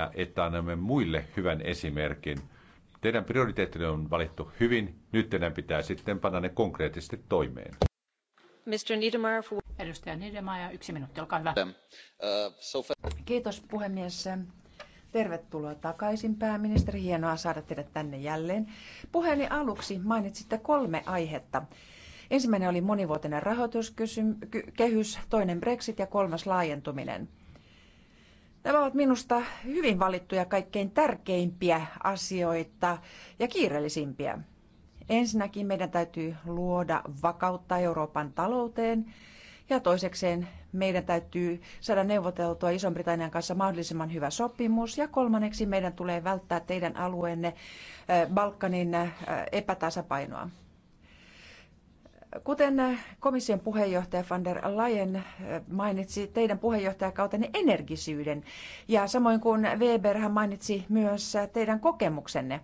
siinä, että annamme muille hyvän esimerkin. Teidän prioriteettinne on valittu hyvin, nyt teidän pitää sitten panna ne konkreettisesti toimeen. Mr. Niedermayer, for... Edustaja Niedermayer, yksi minuutti, olkaa hyvä. Uh, Kiitos puhemies. Tervetuloa takaisin pääministeri, hienoa saada teidät tänne jälleen. Puheeni aluksi mainitsitte kolme aihetta. Ensimmäinen oli monivuotinen rahoituskehys, toinen Brexit ja kolmas laajentuminen. Nämä ovat minusta hyvin valittuja kaikkein tärkeimpiä asioita ja kiireellisimpiä. Ensinnäkin meidän täytyy luoda vakautta Euroopan talouteen ja toisekseen meidän täytyy saada neuvoteltua iso britannian kanssa mahdollisimman hyvä sopimus. Ja kolmanneksi meidän tulee välttää teidän alueenne eh, Balkanin eh, epätasapainoa. Kuten komission puheenjohtaja van der Leyen eh, mainitsi teidän puheenjohtajakautenne energisyyden ja samoin kuin Weber hän mainitsi myös teidän kokemuksenne.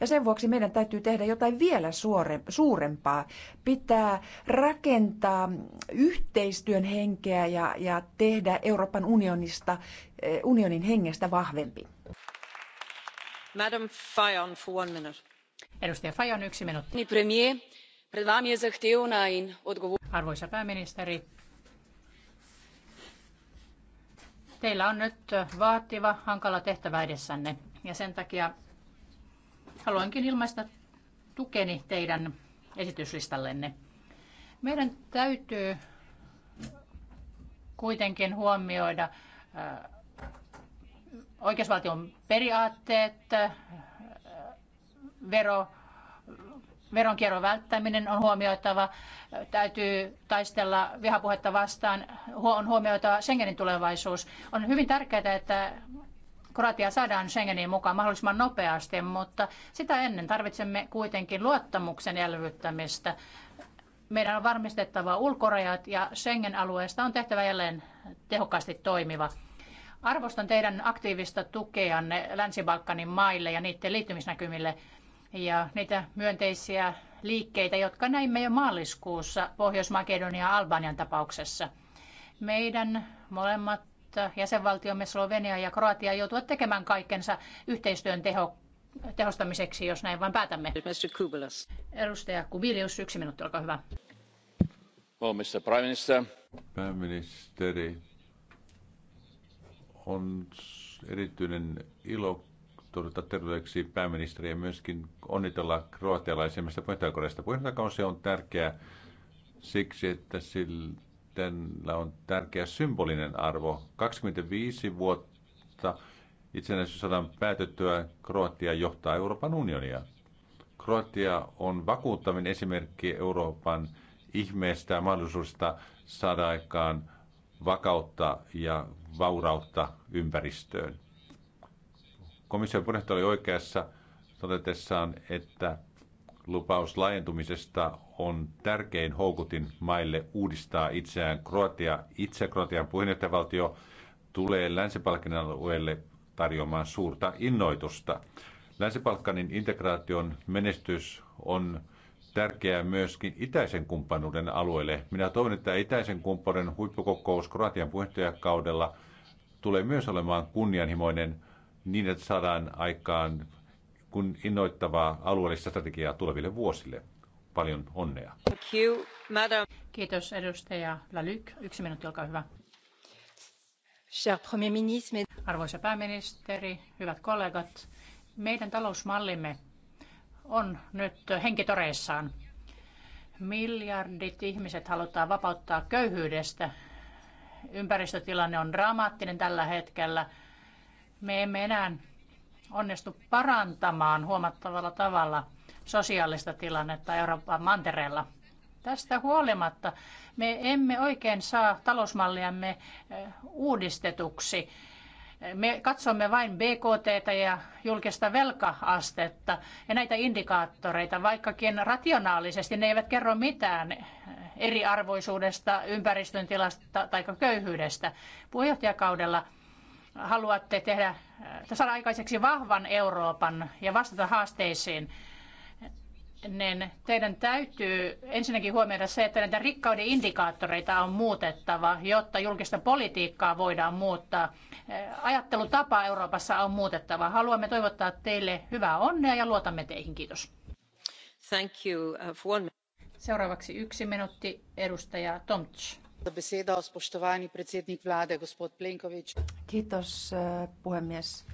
Ja sen vuoksi meidän täytyy tehdä jotain vielä suore, suurempaa. Pitää rakentaa yhteistyön henkeä ja, ja tehdä Euroopan unionista, eh, unionin hengestä vahvempi. Madam Fajon, for one minute. Edustaja Fajon, yksi minuutti. Niin premier, Arvoisa pääministeri, teillä on nyt vaativa, hankala tehtävä edessänne ja sen takia haluankin ilmaista tukeni teidän esityslistallenne. Meidän täytyy kuitenkin huomioida äh, oikeusvaltion periaatteet, äh, vero, Veronkierron välttäminen on huomioitava, täytyy taistella vihapuhetta vastaan, on huomioitava Schengenin tulevaisuus. On hyvin tärkeää, että Kroatia saadaan Schengenin mukaan mahdollisimman nopeasti, mutta sitä ennen tarvitsemme kuitenkin luottamuksen elvyttämistä. Meidän on varmistettava ulkorajat ja Schengen-alueesta on tehtävä jälleen tehokkaasti toimiva. Arvostan teidän aktiivista tukeanne Länsi-Balkanin maille ja niiden liittymisnäkymille – ja niitä myönteisiä liikkeitä, jotka näimme jo maaliskuussa pohjois makedonia ja Albanian tapauksessa. Meidän molemmat jäsenvaltiomme Slovenia ja Kroatia joutuvat tekemään kaikkensa yhteistyön teho, tehostamiseksi, jos näin vain päätämme. Mr. Edustaja Kubilius, yksi minuutti, olkaa hyvä. Well, oh, Mr. Prime Minister. Pääministeri, on erityinen ilo tuota terveeksi pääministeriä ja myöskin onnitella kroatialaisemmasta puheenjohtajakaudesta. Puheenjohtajakausi on tärkeä siksi, että sillä on tärkeä symbolinen arvo. 25 vuotta itsenäisyyssodan päätettyä Kroatia johtaa Euroopan unionia. Kroatia on vakuuttavin esimerkki Euroopan ihmeestä ja mahdollisuudesta saada aikaan vakautta ja vaurautta ympäristöön. Komission puheenjohtaja oli oikeassa todetessaan, että lupaus laajentumisesta on tärkein houkutin maille uudistaa itseään. Kroatia, itse Kroatian puheenjohtajavaltio, tulee länsi alueelle tarjoamaan suurta innoitusta. Länsi-Balkanin integraation menestys on tärkeää myöskin itäisen kumppanuuden alueelle. Minä toivon, että itäisen kumppanuuden huippukokous Kroatian puheenjohtajakaudella tulee myös olemaan kunnianhimoinen – niin, että saadaan aikaan kun innoittavaa alueellista strategiaa tuleville vuosille. Paljon onnea. Thank you, madam. Kiitos edustaja Lalyk. Yksi minuutti, olkaa hyvä. Arvoisa pääministeri, hyvät kollegat, meidän talousmallimme on nyt henkitoreissaan. Miljardit ihmiset halutaan vapauttaa köyhyydestä. Ympäristötilanne on dramaattinen tällä hetkellä me emme enää onnistu parantamaan huomattavalla tavalla sosiaalista tilannetta Euroopan mantereella. Tästä huolimatta me emme oikein saa talousmalliamme eh, uudistetuksi. Me katsomme vain BKT ja julkista velkaastetta ja näitä indikaattoreita, vaikkakin rationaalisesti ne eivät kerro mitään eh, eriarvoisuudesta, ympäristön tilasta tai köyhyydestä. Puheenjohtajakaudella – haluatte tehdä, äh, saada aikaiseksi vahvan Euroopan ja vastata haasteisiin, niin teidän täytyy ensinnäkin huomioida se, että näitä rikkauden indikaattoreita on muutettava, jotta julkista politiikkaa voidaan muuttaa. Äh, ajattelutapa Euroopassa on muutettava. Haluamme toivottaa teille hyvää onnea ja luotamme teihin. Kiitos. Thank you. Uh, for Seuraavaksi yksi minuutti, edustaja Kiitos eh, puhemies.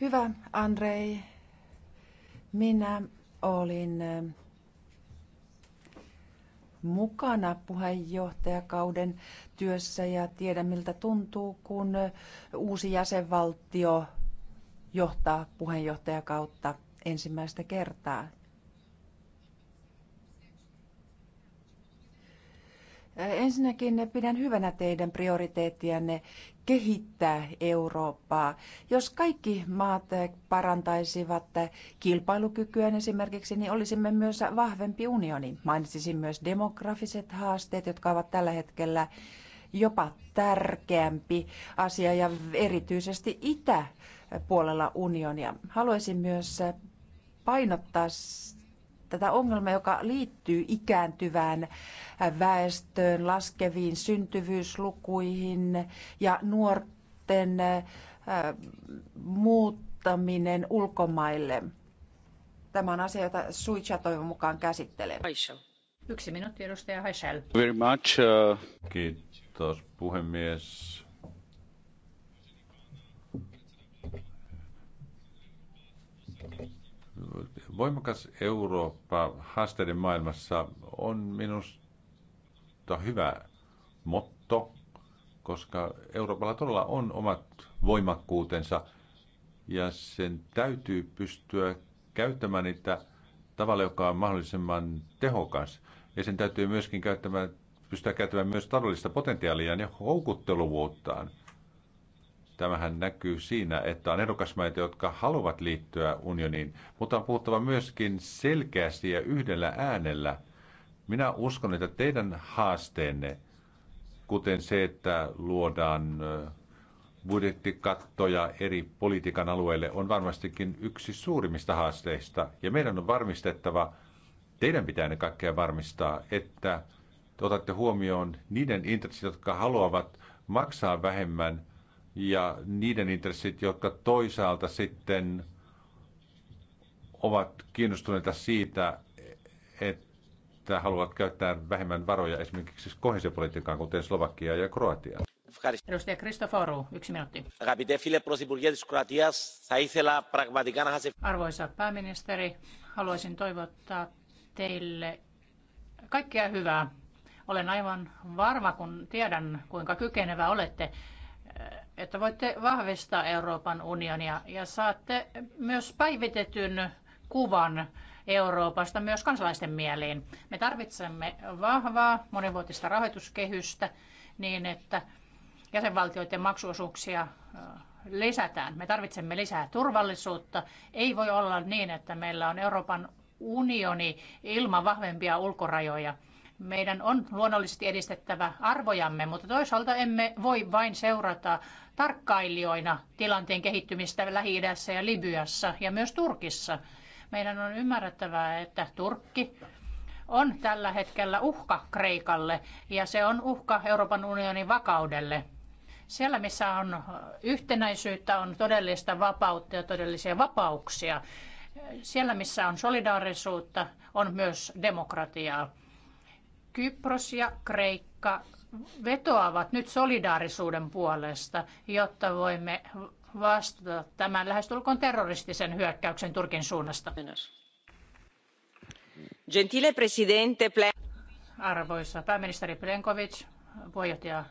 Hyvä Andrei, minä olin eh, mukana puheenjohtajakauden työssä ja tiedän miltä tuntuu, kun eh, uusi jäsenvaltio johtaa puheenjohtajakautta ensimmäistä kertaa. Ensinnäkin pidän hyvänä teidän prioriteettianne kehittää Eurooppaa. Jos kaikki maat parantaisivat kilpailukykyään esimerkiksi, niin olisimme myös vahvempi unioni. Mainitsisin myös demografiset haasteet, jotka ovat tällä hetkellä jopa tärkeämpi asia ja erityisesti itäpuolella unionia. Haluaisin myös painottaa tätä ongelmaa, joka liittyy ikääntyvään väestöön, laskeviin syntyvyyslukuihin ja nuorten äh, muuttaminen ulkomaille. Tämä on asia, jota Suitsa toivon mukaan käsittelee. Yksi minuutti, edustaja Haisel. Very much. Uh, Kiitos, puhemies. Voimakas Eurooppa haasteiden maailmassa on minusta hyvä motto, koska Euroopalla todella on omat voimakkuutensa ja sen täytyy pystyä käyttämään niitä tavalla, joka on mahdollisimman tehokas. Ja sen täytyy myöskin käyttämään, pystyä käyttämään myös taloudellista potentiaalia ja houkuttelevuuttaan. Tämähän näkyy siinä, että on edukasmaita, jotka haluavat liittyä unioniin, mutta on puhuttava myöskin selkeästi ja yhdellä äänellä. Minä uskon, että teidän haasteenne, kuten se, että luodaan budjettikattoja eri politiikan alueille, on varmastikin yksi suurimmista haasteista. Ja meidän on varmistettava, teidän pitää ne kaikkea varmistaa, että otatte huomioon niiden intressit, jotka haluavat maksaa vähemmän – ja niiden intressit, jotka toisaalta sitten ovat kiinnostuneita siitä, että haluavat käyttää vähemmän varoja esimerkiksi kohesiopolitiikkaan, kuten Slovakia ja Kroatia. Edustaja Kristoforu, yksi minuutti. Arvoisa pääministeri, haluaisin toivottaa teille kaikkea hyvää. Olen aivan varma, kun tiedän, kuinka kykenevä olette että voitte vahvistaa Euroopan unionia ja saatte myös päivitetyn kuvan Euroopasta myös kansalaisten mieliin. Me tarvitsemme vahvaa monivuotista rahoituskehystä niin, että jäsenvaltioiden maksuosuuksia lisätään. Me tarvitsemme lisää turvallisuutta. Ei voi olla niin, että meillä on Euroopan unioni ilman vahvempia ulkorajoja. Meidän on luonnollisesti edistettävä arvojamme, mutta toisaalta emme voi vain seurata tarkkailijoina tilanteen kehittymistä lähi ja Libyassa ja myös Turkissa. Meidän on ymmärrettävä, että Turkki on tällä hetkellä uhka Kreikalle ja se on uhka Euroopan unionin vakaudelle. Siellä, missä on yhtenäisyyttä, on todellista vapautta ja todellisia vapauksia. Siellä, missä on solidaarisuutta, on myös demokratiaa. Kypros ja Kreikka vetoavat nyt solidaarisuuden puolesta, jotta voimme vastata tämän lähestulkoon terroristisen hyökkäyksen Turkin suunnasta. Gentile presidente Arvoisa pääministeri Plenkovic, puheenjohtaja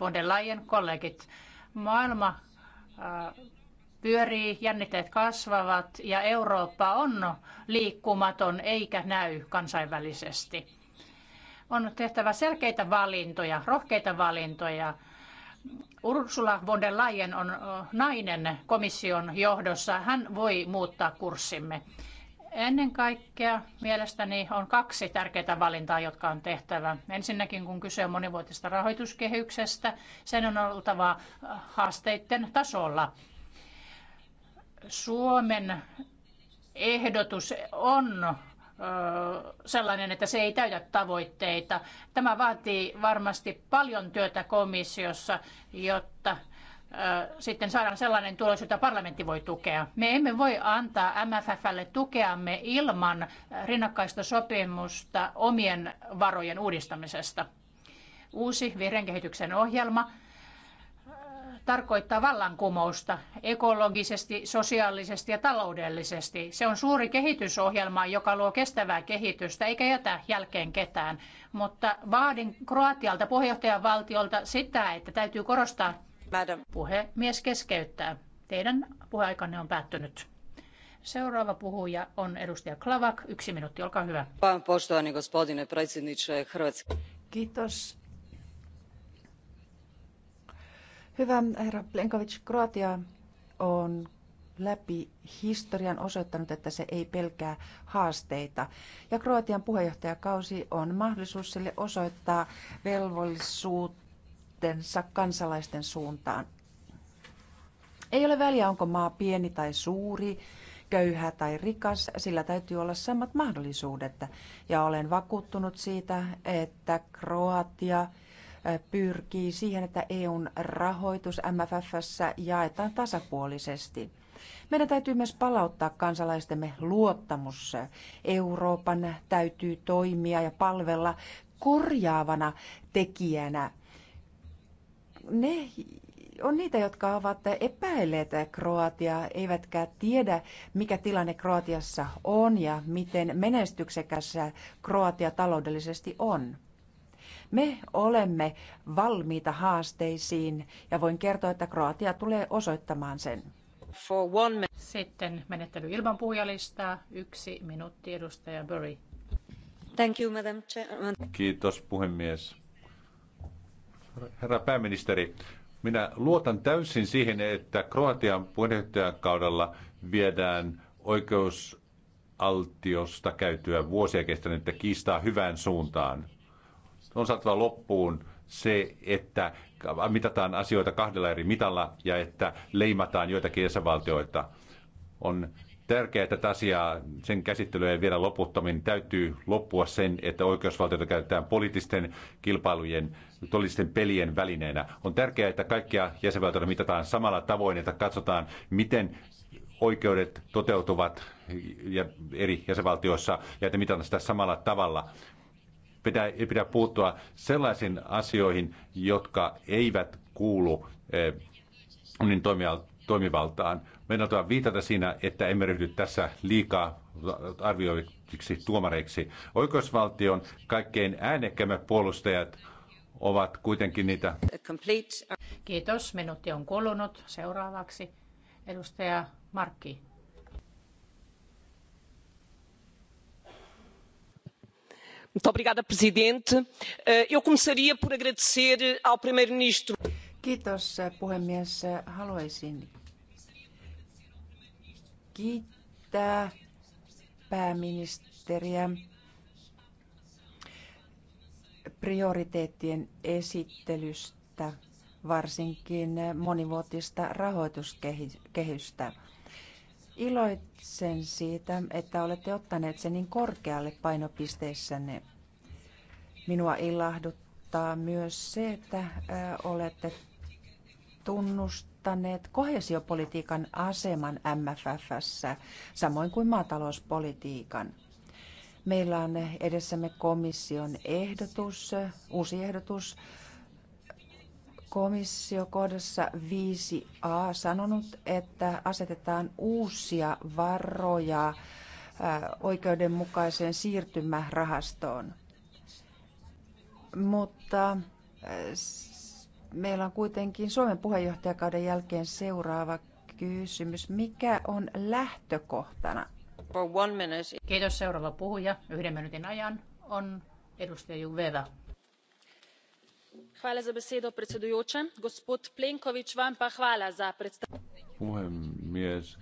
von der Leyen, kollegit. Maailma äh, pyörii, jännitteet kasvavat ja Eurooppa on liikkumaton eikä näy kansainvälisesti on tehtävä selkeitä valintoja, rohkeita valintoja. Ursula von der Leyen on nainen komission johdossa. Hän voi muuttaa kurssimme. Ennen kaikkea mielestäni on kaksi tärkeää valintaa, jotka on tehtävä. Ensinnäkin kun kyse on monivuotisesta rahoituskehyksestä, sen on oltava haasteiden tasolla. Suomen ehdotus on sellainen, että se ei täytä tavoitteita. Tämä vaatii varmasti paljon työtä komissiossa, jotta sitten saadaan sellainen tulos, jota parlamentti voi tukea. Me emme voi antaa MFFlle tukeamme ilman rinnakkaista sopimusta omien varojen uudistamisesta. Uusi vihreän kehityksen ohjelma – tarkoittaa vallankumousta ekologisesti, sosiaalisesti ja taloudellisesti. Se on suuri kehitysohjelma, joka luo kestävää kehitystä eikä jätä jälkeen ketään. Mutta vaadin Kroatialta puheenjohtajavaltiolta sitä, että täytyy korostaa Madam. puhemies keskeyttää. Teidän puheaikanne on päättynyt. Seuraava puhuja on edustaja Klavak. Yksi minuutti, olkaa hyvä. Kiitos Hyvä herra Plenkovic, Kroatia on läpi historian osoittanut, että se ei pelkää haasteita. Ja Kroatian puheenjohtajakausi on mahdollisuus sille osoittaa velvollisuutensa kansalaisten suuntaan. Ei ole väliä, onko maa pieni tai suuri, köyhä tai rikas, sillä täytyy olla samat mahdollisuudet. Ja olen vakuuttunut siitä, että Kroatia – pyrkii siihen, että EUn rahoitus MFFssä jaetaan tasapuolisesti. Meidän täytyy myös palauttaa kansalaistemme luottamus. Euroopan täytyy toimia ja palvella korjaavana tekijänä. Ne on niitä, jotka ovat epäilleet Kroatiaa, eivätkä tiedä, mikä tilanne Kroatiassa on ja miten menestyksekäs Kroatia taloudellisesti on. Me olemme valmiita haasteisiin ja voin kertoa, että Kroatia tulee osoittamaan sen. For one Sitten menettely ilman puhujalistaa. Yksi minuutti, edustaja Burry. Thank you, Madam Chairman. Kiitos, puhemies. Herra pääministeri, minä luotan täysin siihen, että Kroatian puheenjohtajakaudella viedään oikeusaltiosta käytyä vuosia kestänyttä kiistaa hyvään suuntaan on saatava loppuun se, että mitataan asioita kahdella eri mitalla ja että leimataan joitakin jäsenvaltioita. On tärkeää, että asia, sen käsittelyä ei vielä loputtomin täytyy loppua sen, että oikeusvaltiota käytetään poliittisten kilpailujen, poliittisten pelien välineenä. On tärkeää, että kaikkia jäsenvaltioita mitataan samalla tavoin, että katsotaan, miten oikeudet toteutuvat eri jäsenvaltioissa ja että mitataan sitä samalla tavalla pidä, ei pidä puuttua sellaisiin asioihin, jotka eivät kuulu eh, unionin toimivaltaan. Meidän on viitata siinä, että emme ryhdy tässä liikaa arvioiksi tuomareiksi. Oikeusvaltion kaikkein äänekkäimmät puolustajat ovat kuitenkin niitä. Kiitos. Minuutti on kulunut. Seuraavaksi edustaja Markki Obrigada, presidente. Eh, por agradecer ministro eh, puhemies. Eh, haluaisin kiittää pääministeriä prioriteettien esittelystä, varsinkin monivuotista rahoituskehystä. Iloitsen siitä, että olette ottaneet sen niin korkealle painopisteissänne. Minua ilahduttaa myös se, että olette tunnustaneet kohesiopolitiikan aseman MFFssä, samoin kuin maatalouspolitiikan. Meillä on edessämme komission ehdotus, uusi ehdotus komissio kohdassa 5a sanonut, että asetetaan uusia varoja oikeudenmukaiseen siirtymärahastoon. Mutta meillä on kuitenkin Suomen puheenjohtajakauden jälkeen seuraava kysymys. Mikä on lähtökohtana? Kiitos seuraava puhuja. Yhden minuutin ajan on edustaja Juveva arvoisa puhemies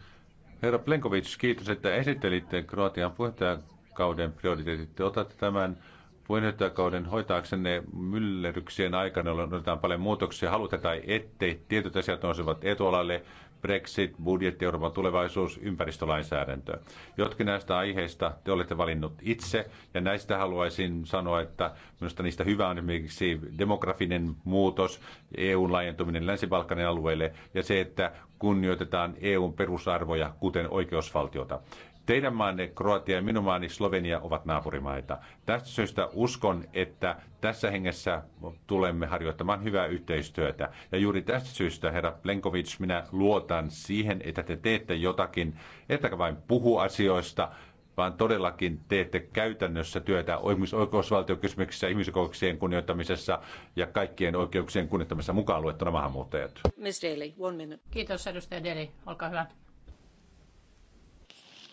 herra plenkovic kiitos että esittelitte kroatian puheenjohtajakauden prioriteetit. te otatte tämän puheenjohtajakauden hoitaaksenne myllerryksien aikana, jolloin otetaan paljon muutoksia, haluta tai ettei. Tietyt asiat nousevat etualalle, Brexit, budjetti, Euroopan tulevaisuus, ympäristölainsäädäntö. Jotkin näistä aiheista te olette valinnut itse, ja näistä haluaisin sanoa, että Minusta niistä hyvä on esimerkiksi demografinen muutos, EUn laajentuminen Länsi-Balkanin alueelle ja se, että kunnioitetaan EUn perusarvoja, kuten oikeusvaltiota. Teidän maanne Kroatia ja minun maani Slovenia ovat naapurimaita. Tästä syystä uskon, että tässä hengessä tulemme harjoittamaan hyvää yhteistyötä. Ja juuri tästä syystä, herra Plenkovic, minä luotan siihen, että te teette jotakin, ettäkä vain puhu asioista, vaan todellakin teette käytännössä työtä oikeusvaltiokysymyksissä, ihmisoikeuksien kunnioittamisessa ja kaikkien oikeuksien kunnioittamisessa mukaan luettuna maahanmuuttajat. Miss Daly, one minute. Kiitos edustaja Daly, olkaa hyvä.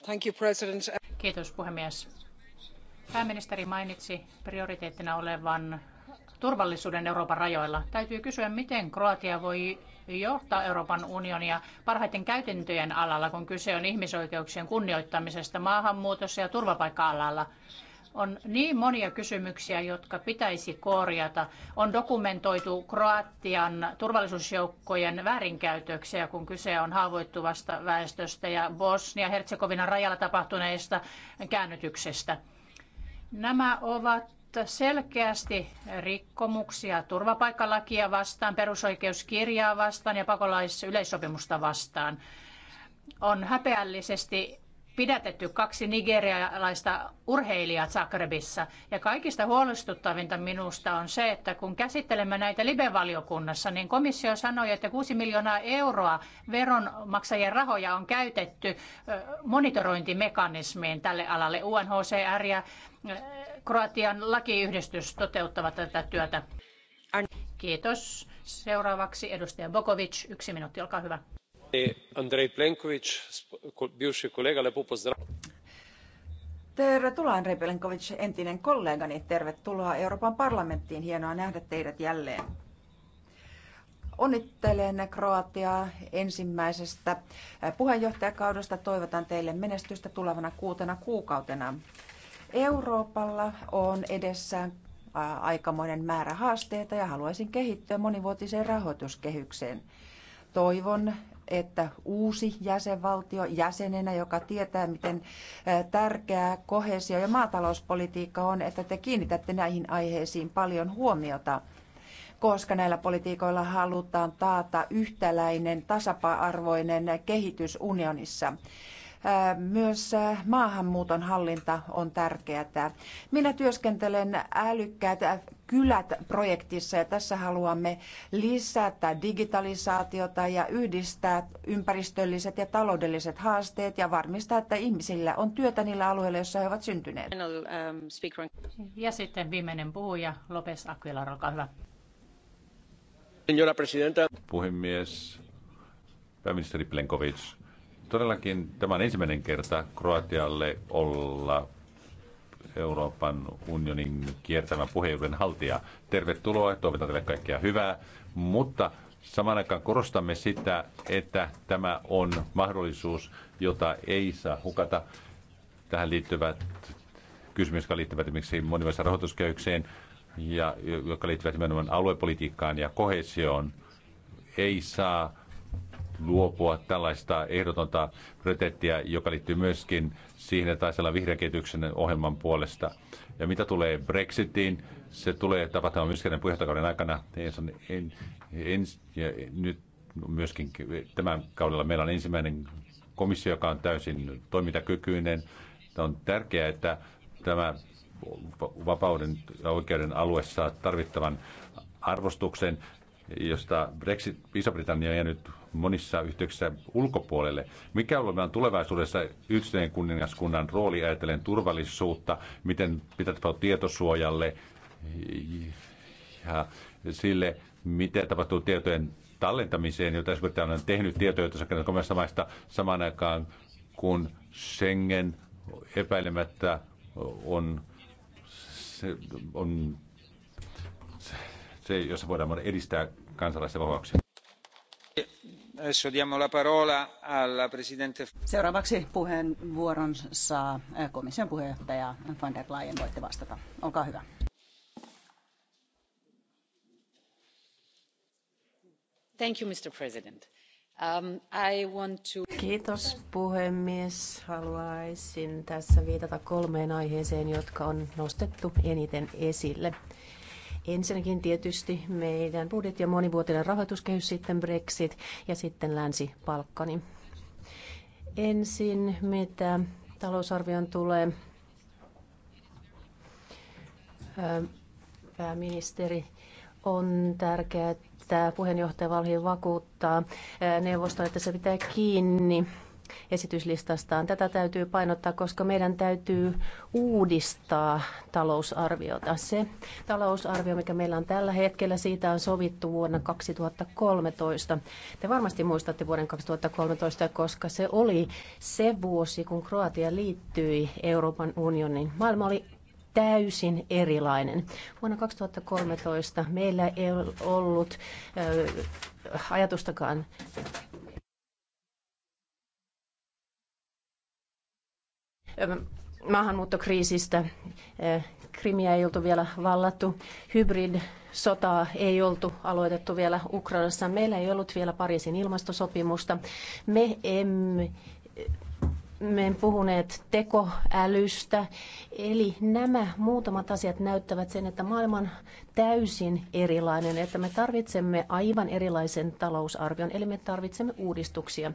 Thank you, President. Kiitos puhemies. Pääministeri mainitsi prioriteettina olevan turvallisuuden Euroopan rajoilla. Täytyy kysyä, miten Kroatia voi johtaa Euroopan unionia parhaiten käytäntöjen alalla, kun kyse on ihmisoikeuksien kunnioittamisesta maahanmuutossa ja turvapaikka-alalla. On niin monia kysymyksiä, jotka pitäisi korjata. On dokumentoitu Kroatian turvallisuusjoukkojen väärinkäytöksiä, kun kyse on haavoittuvasta väestöstä ja Bosnia-Herzegovinan rajalla tapahtuneista käännytyksestä. Nämä ovat selkeästi rikkomuksia turvapaikkalakia vastaan, perusoikeuskirjaa vastaan ja pakolaisyleissopimusta vastaan. On häpeällisesti pidätetty kaksi nigerialaista urheilijaa Zagrebissa. Ja kaikista huolestuttavinta minusta on se, että kun käsittelemme näitä libevaliokunnassa, valiokunnassa niin komissio sanoi, että 6 miljoonaa euroa veronmaksajien rahoja on käytetty monitorointimekanismiin tälle alalle. UNHCR ja Kroatian lakiyhdistys toteuttavat tätä työtä. Kiitos. Seuraavaksi edustaja Bokovic. Yksi minuutti, olkaa hyvä. Andrei plenković bivši kolega lepo pozdravljam. tervetuloa andrej plenković entinen kollegani tervetuloa euroopan parlamenttiin hienoa nähdä teidät jälleen. Onnittelen Kroatiaa ensimmäisestä äh, puheenjohtajakaudesta. Toivotan teille menestystä tulevana kuutena kuukautena. Euroopalla on edessään äh, aikamoinen määrä haasteita ja haluaisin kehittyä monivuotiseen rahoituskehykseen. Toivon, että uusi jäsenvaltio jäsenenä, joka tietää, miten tärkeää kohesio- ja maatalouspolitiikka on, että te kiinnitätte näihin aiheisiin paljon huomiota koska näillä politiikoilla halutaan taata yhtäläinen, tasapa-arvoinen kehitys unionissa. Äh, myös äh, maahanmuuton hallinta on tärkeää. Minä työskentelen älykkäät kylät projektissa ja tässä haluamme lisätä digitalisaatiota ja yhdistää ympäristölliset ja taloudelliset haasteet ja varmistaa, että ihmisillä on työtä niillä alueilla, joissa he ovat syntyneet. Um, ja sitten viimeinen puhuja, Lopes Aquila, olkaa hyvä. Puhemies, pääministeri Plenkovic, Todellakin tämä on ensimmäinen kerta Kroatialle olla Euroopan unionin kiertävän puheenjohtajan haltija. Tervetuloa, toivotan teille kaikkea hyvää, mutta samaan aikaan korostamme sitä, että tämä on mahdollisuus, jota ei saa hukata. Tähän liittyvät kysymykset, jotka liittyvät esimerkiksi monivuotiseen rahoituskehykseen ja jotka liittyvät nimenomaan aluepolitiikkaan ja kohesioon, ei saa luopua tällaista ehdotonta prioriteettia, joka liittyy myöskin siihen, että taisi olla vihreän ohjelman puolesta. Ja mitä tulee Brexitiin, se tulee tapahtumaan myöskin puheenjohtajakauden aikana. En, en, en, ja nyt myöskin tämän kaudella meillä on ensimmäinen komissio, joka on täysin toimintakykyinen. On tärkeää, että tämä vapauden ja oikeuden alue saa tarvittavan arvostuksen josta Brexit, Iso-Britannia on jäänyt monissa yhteyksissä ulkopuolelle. Mikä on tulevaisuudessa yhteen kuningaskunnan rooli ajatellen turvallisuutta, miten pitää tietosuojalle ja sille, miten tapahtuu tietojen tallentamiseen, jota esimerkiksi on tehnyt tietoja, joita on komissa maista samaan aikaan, kun Schengen epäilemättä on, se, on se, jossa voidaan edistää kansalaisten vapauksia. Seuraavaksi puheenvuoron saa eh, komission puheenjohtaja van der Leyen. Voitte vastata. Olkaa hyvä. Thank you, Mr. President. Um, I want to... Kiitos puhemies. Haluaisin tässä viitata kolmeen aiheeseen, jotka on nostettu eniten esille. Ensinnäkin tietysti meidän budjetti ja monivuotinen rahoituskehys, sitten Brexit ja sitten Länsi-Palkkani. Ensin mitä talousarvion tulee. Pääministeri, on tärkeää, että puheenjohtaja Valhi vakuuttaa neuvoston, että se pitää kiinni esityslistastaan. Tätä täytyy painottaa, koska meidän täytyy uudistaa talousarviota. Se talousarvio, mikä meillä on tällä hetkellä, siitä on sovittu vuonna 2013. Te varmasti muistatte vuoden 2013, koska se oli se vuosi, kun Kroatia liittyi Euroopan unioniin. Maailma oli täysin erilainen. Vuonna 2013 meillä ei ollut ajatustakaan maahanmuuttokriisistä. Krimiä ei oltu vielä vallattu. Hybrid-sotaa ei oltu aloitettu vielä Ukrainassa. Meillä ei ollut vielä Pariisin ilmastosopimusta. Me emme me puhuneet tekoälystä. Eli nämä muutamat asiat näyttävät sen, että maailma on täysin erilainen, että me tarvitsemme aivan erilaisen talousarvion, eli me tarvitsemme uudistuksia.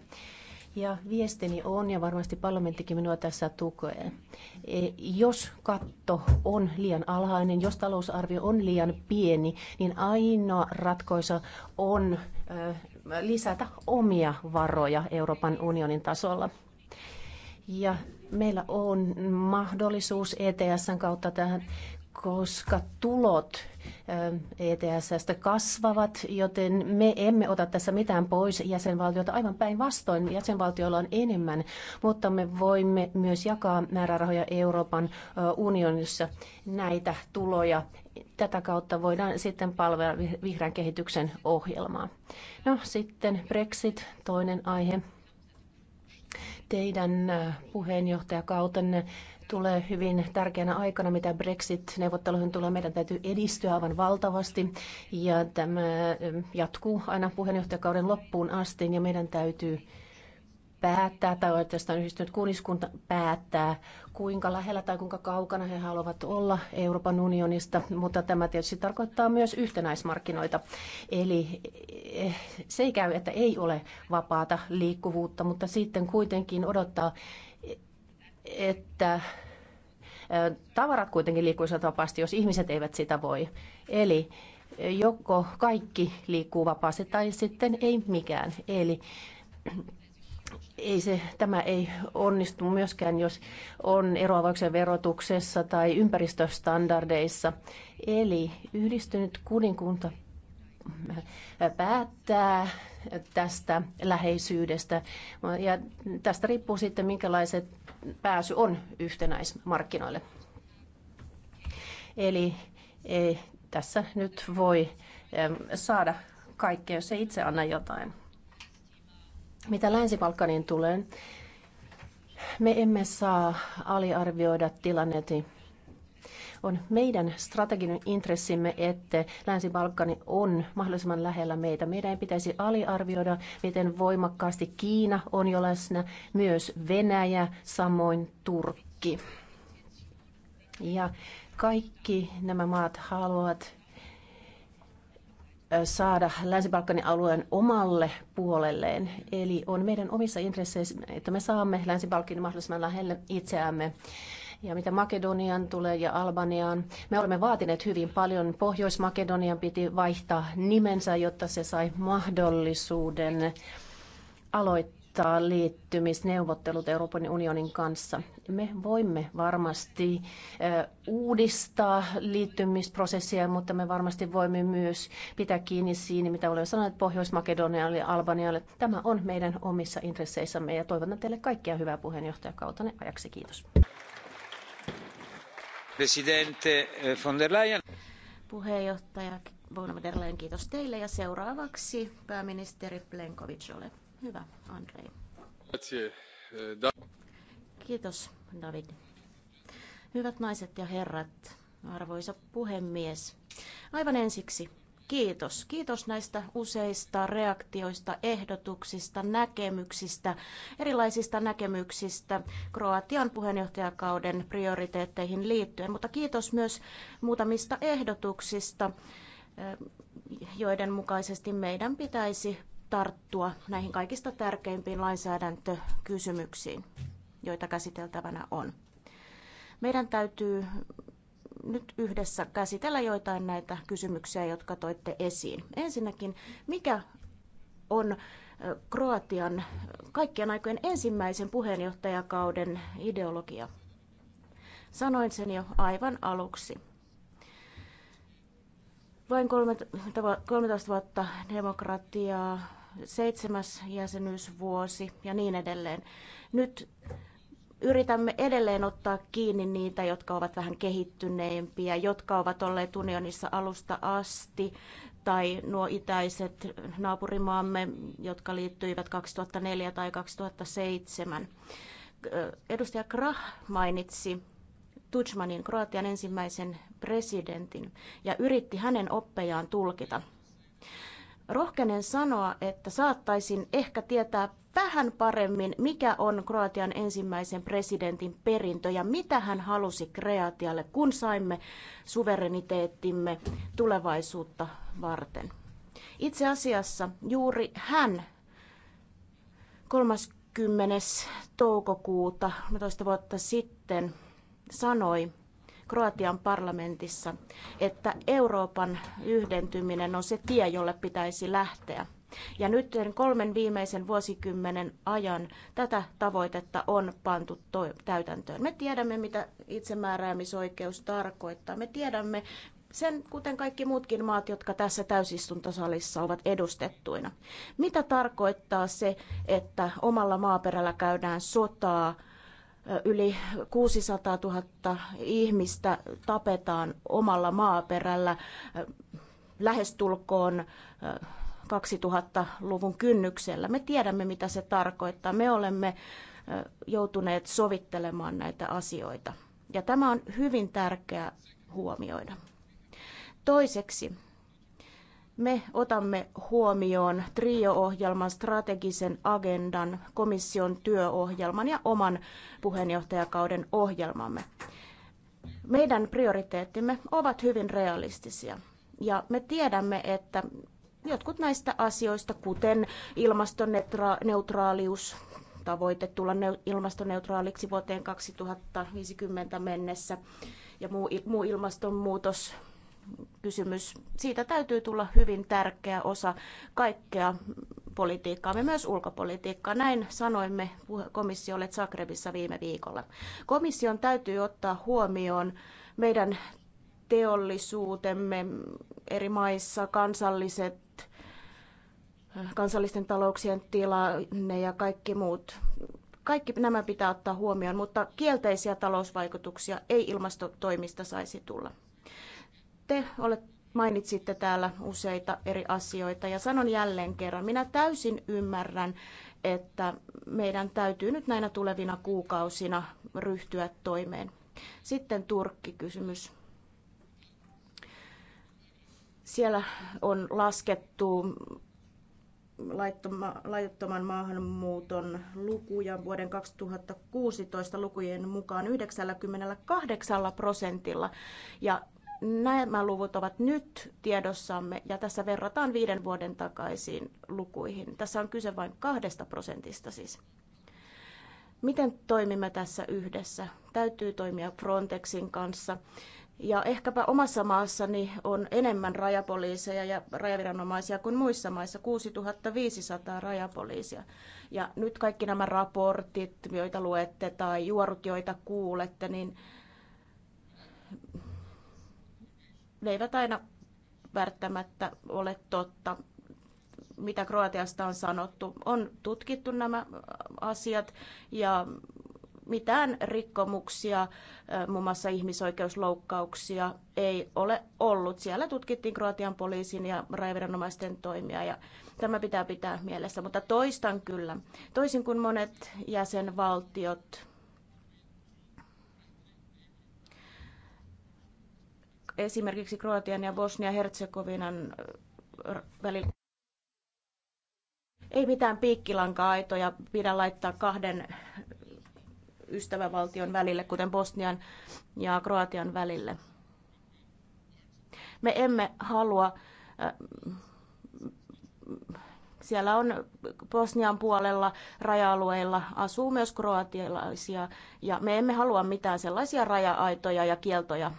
Ja viestini on, ja varmasti parlamenttikin minua tässä tukee, e, jos katto on liian alhainen, jos talousarvio on liian pieni, niin ainoa ratkaisu on lisätä omia varoja Euroopan unionin tasolla. Ja meillä on mahdollisuus ETSn kautta tähän koska tulot ETSstä kasvavat, joten me emme ota tässä mitään pois jäsenvaltiota. Aivan päinvastoin jäsenvaltioilla on enemmän, mutta me voimme myös jakaa määrärahoja Euroopan unionissa näitä tuloja. Tätä kautta voidaan sitten palvella vihreän kehityksen ohjelmaa. No sitten Brexit, toinen aihe teidän puheenjohtajakautenne tulee hyvin tärkeänä aikana, mitä Brexit-neuvotteluihin tulee. Meidän täytyy edistyä aivan valtavasti ja tämä jatkuu aina puheenjohtajakauden loppuun asti ja meidän täytyy päättää tai oikeastaan yhdistynyt kuniskunta päättää, kuinka lähellä tai kuinka kaukana he haluavat olla Euroopan unionista, mutta tämä tietysti tarkoittaa myös yhtenäismarkkinoita. Eli eh, se ei käy, että ei ole vapaata liikkuvuutta, mutta sitten kuitenkin odottaa että äh, tavarat kuitenkin liikkuisivat vapaasti, jos ihmiset eivät sitä voi. Eli äh, joko kaikki liikkuu vapaasti tai sitten ei mikään. Eli ei se, tämä ei onnistu myöskään, jos on eroavauksia verotuksessa tai ympäristöstandardeissa. Eli yhdistynyt kuninkunta äh, päättää tästä läheisyydestä. Ja tästä riippuu sitten, minkälaiset pääsy on yhtenäismarkkinoille. Eli ei tässä nyt voi e, saada kaikkea, jos ei itse anna jotain. Mitä Länsi-Balkaniin tulee, me emme saa aliarvioida tilannetta on meidän strateginen intressimme, että Länsi-Balkani on mahdollisimman lähellä meitä. Meidän ei pitäisi aliarvioida, miten voimakkaasti Kiina on jo läsnä, myös Venäjä, samoin Turkki. Ja kaikki nämä maat haluavat saada Länsi-Balkanin alueen omalle puolelleen. Eli on meidän omissa intresseissä, että me saamme Länsi-Balkanin mahdollisimman lähelle itseämme ja mitä Makedonian tulee ja Albaniaan. Me olemme vaatineet hyvin paljon. Pohjois-Makedonian piti vaihtaa nimensä, jotta se sai mahdollisuuden aloittaa liittymisneuvottelut Euroopan unionin kanssa. Me voimme varmasti uudistaa liittymisprosessia, mutta me varmasti voimme myös pitää kiinni siinä, mitä olen sanonut Pohjois-Makedonialle ja Albanialle. Tämä on meidän omissa intresseissämme ja toivotan teille kaikkia hyvää puheenjohtajakautenne ajaksi. Kiitos. Presidente eh, von der Leyen. Puheenjohtaja von der Leyen, kiitos teille. Ja seuraavaksi pääministeri Plenkovic, ole hyvä, Andrei. Eh, kiitos, David. Hyvät naiset ja herrat, arvoisa puhemies. Aivan ensiksi Kiitos. Kiitos näistä useista reaktioista, ehdotuksista, näkemyksistä, erilaisista näkemyksistä Kroatian puheenjohtajakauden prioriteetteihin liittyen, mutta kiitos myös muutamista ehdotuksista, eh, joiden mukaisesti meidän pitäisi tarttua näihin kaikista tärkeimpiin lainsäädäntökysymyksiin, joita käsiteltävänä on. Meidän täytyy nyt yhdessä käsitellä joitain näitä kysymyksiä, jotka toitte esiin. Ensinnäkin, mikä on Kroatian kaikkien aikojen ensimmäisen puheenjohtajakauden ideologia? Sanoin sen jo aivan aluksi. Vain 13 vuotta demokratiaa, seitsemäs jäsenyysvuosi ja niin edelleen. Nyt yritämme edelleen ottaa kiinni niitä, jotka ovat vähän kehittyneempiä, jotka ovat olleet unionissa alusta asti, tai nuo itäiset naapurimaamme, jotka liittyivät 2004 tai 2007. Edustaja Krah mainitsi Tudjmanin, Kroatian ensimmäisen presidentin, ja yritti hänen oppejaan tulkita. Rohkenen sanoa, että saattaisin ehkä tietää vähän paremmin, mikä on Kroatian ensimmäisen presidentin perintö ja mitä hän halusi Kreatialle, kun saimme suvereniteettimme tulevaisuutta varten. Itse asiassa juuri hän 30. toukokuuta 10 vuotta sitten sanoi, Kroatian parlamentissa, että Euroopan yhdentyminen on se tie, jolle pitäisi lähteä. Ja nyt kolmen viimeisen vuosikymmenen ajan tätä tavoitetta on pantu täytäntöön. Me tiedämme, mitä itsemääräämisoikeus tarkoittaa. Me tiedämme, sen kuten kaikki muutkin maat, jotka tässä täysistuntosalissa ovat edustettuina. Mitä tarkoittaa se, että omalla maaperällä käydään sotaa Yli 600 000 ihmistä tapetaan omalla maaperällä lähestulkoon 2000-luvun kynnyksellä. Me tiedämme, mitä se tarkoittaa. Me olemme joutuneet sovittelemaan näitä asioita. Ja tämä on hyvin tärkeää huomioida. Toiseksi me otamme huomioon trio-ohjelman strategisen agendan, komission työohjelman ja oman puheenjohtajakauden ohjelmamme. Meidän prioriteettimme ovat hyvin realistisia ja me tiedämme, että jotkut näistä asioista, kuten ilmastoneutraalius, tavoite tulla ilmastoneutraaliksi vuoteen 2050 mennessä ja muu, ilmastonmuutos, kysymys. Siitä täytyy tulla hyvin tärkeä osa kaikkea me myös ulkopolitiikkaa. Näin sanoimme komissiolle Zagrebissa viime viikolla. Komission täytyy ottaa huomioon meidän teollisuutemme eri maissa, kansalliset kansallisten talouksien tilanne ja kaikki muut. Kaikki nämä pitää ottaa huomioon, mutta kielteisiä talousvaikutuksia ei ilmastotoimista saisi tulla te olet, mainitsitte täällä useita eri asioita ja sanon jälleen kerran, minä täysin ymmärrän, että meidän täytyy nyt näinä tulevina kuukausina ryhtyä toimeen. Sitten Turkki-kysymys. Siellä on laskettu laittoman maahanmuuton lukuja vuoden 2016 lukujen mukaan 98 prosentilla. Ja Nämä luvut ovat nyt tiedossamme ja tässä verrataan viiden vuoden takaisiin lukuihin. Tässä on kyse vain kahdesta prosentista siis. Miten toimimme tässä yhdessä? Täytyy toimia Frontexin kanssa. Ja ehkäpä omassa maassani on enemmän rajapoliiseja ja rajaviranomaisia kuin muissa maissa, 6500 rajapoliisia. Ja nyt kaikki nämä raportit, joita luette tai juorut, joita kuulette, niin ne eivät aina välttämättä ole totta, mitä Kroatiasta on sanottu. On tutkittu nämä asiat ja mitään rikkomuksia, muun mm. muassa ihmisoikeusloukkauksia, ei ole ollut. Siellä tutkittiin Kroatian poliisin ja raiviranomaisten toimia ja tämä pitää pitää mielessä. Mutta toistan kyllä, toisin kuin monet jäsenvaltiot, esimerkiksi Kroatian ja Bosnia-Herzegovinan äh, välillä. Ei mitään piikkilanka-aitoja pidä laittaa kahden ystävävaltion välille, kuten Bosnian ja Kroatian välille. Me emme halua, äh, siellä on Bosnian puolella raja-alueilla asuu myös kroatialaisia ja me emme halua mitään sellaisia raja-aitoja ja kieltoja.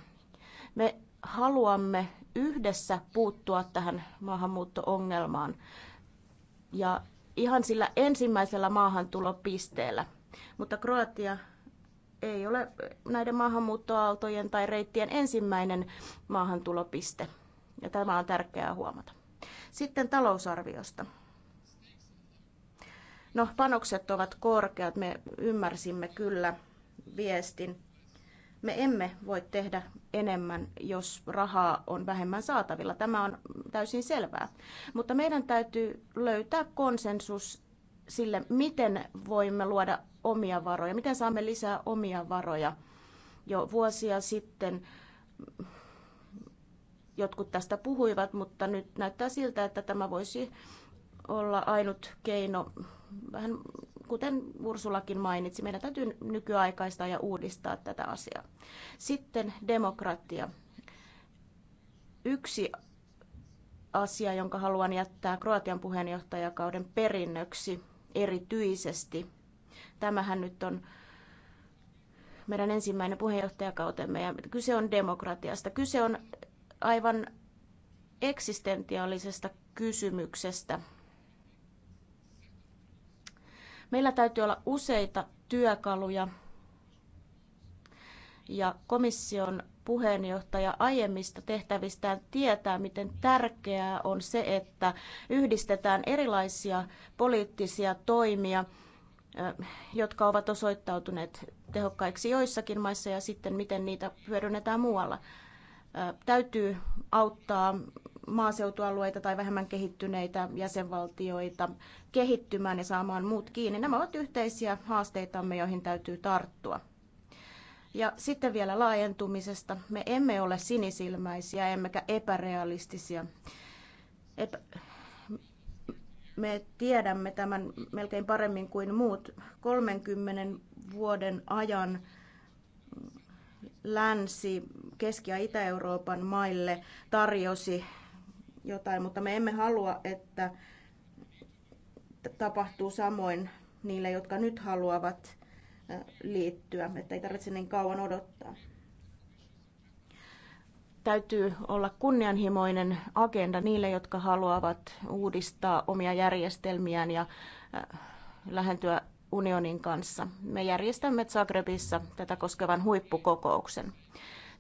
Me haluamme yhdessä puuttua tähän maahanmuuttoongelmaan ja ihan sillä ensimmäisellä maahantulopisteellä. Mutta Kroatia ei ole näiden maahanmuuttoaaltojen tai reittien ensimmäinen maahantulopiste. Ja tämä on tärkeää huomata. Sitten talousarviosta. No, panokset ovat korkeat. Me ymmärsimme kyllä viestin. Me emme voi tehdä enemmän, jos rahaa on vähemmän saatavilla. Tämä on täysin selvää. Mutta meidän täytyy löytää konsensus sille, miten voimme luoda omia varoja, miten saamme lisää omia varoja. Jo vuosia sitten jotkut tästä puhuivat, mutta nyt näyttää siltä, että tämä voisi olla ainut keino vähän kuten Ursulakin mainitsi, meidän täytyy nykyaikaistaa ja uudistaa tätä asiaa. Sitten demokratia. Yksi asia, jonka haluan jättää Kroatian puheenjohtajakauden perinnöksi erityisesti. Tämähän nyt on meidän ensimmäinen puheenjohtajakautemme ja kyse on demokratiasta. Kyse on aivan eksistentiaalisesta kysymyksestä Meillä täytyy olla useita työkaluja ja komission puheenjohtaja aiemmista tehtävistään tietää, miten tärkeää on se, että yhdistetään erilaisia poliittisia toimia, jotka ovat osoittautuneet tehokkaiksi joissakin maissa ja sitten miten niitä hyödynnetään muualla. Täytyy auttaa maaseutualueita tai vähemmän kehittyneitä jäsenvaltioita kehittymään ja saamaan muut kiinni. Nämä ovat yhteisiä haasteitamme, joihin täytyy tarttua. Ja sitten vielä laajentumisesta. Me emme ole sinisilmäisiä emmekä epärealistisia. Epä... Me tiedämme tämän melkein paremmin kuin muut. 30 vuoden ajan länsi, Keski- ja Itä-Euroopan maille tarjosi jotain, mutta me emme halua, että tapahtuu samoin niille, jotka nyt haluavat liittyä, että ei tarvitse niin kauan odottaa. Täytyy olla kunnianhimoinen agenda niille, jotka haluavat uudistaa omia järjestelmiään ja lähentyä unionin kanssa. Me järjestämme Zagrebissa tätä koskevan huippukokouksen.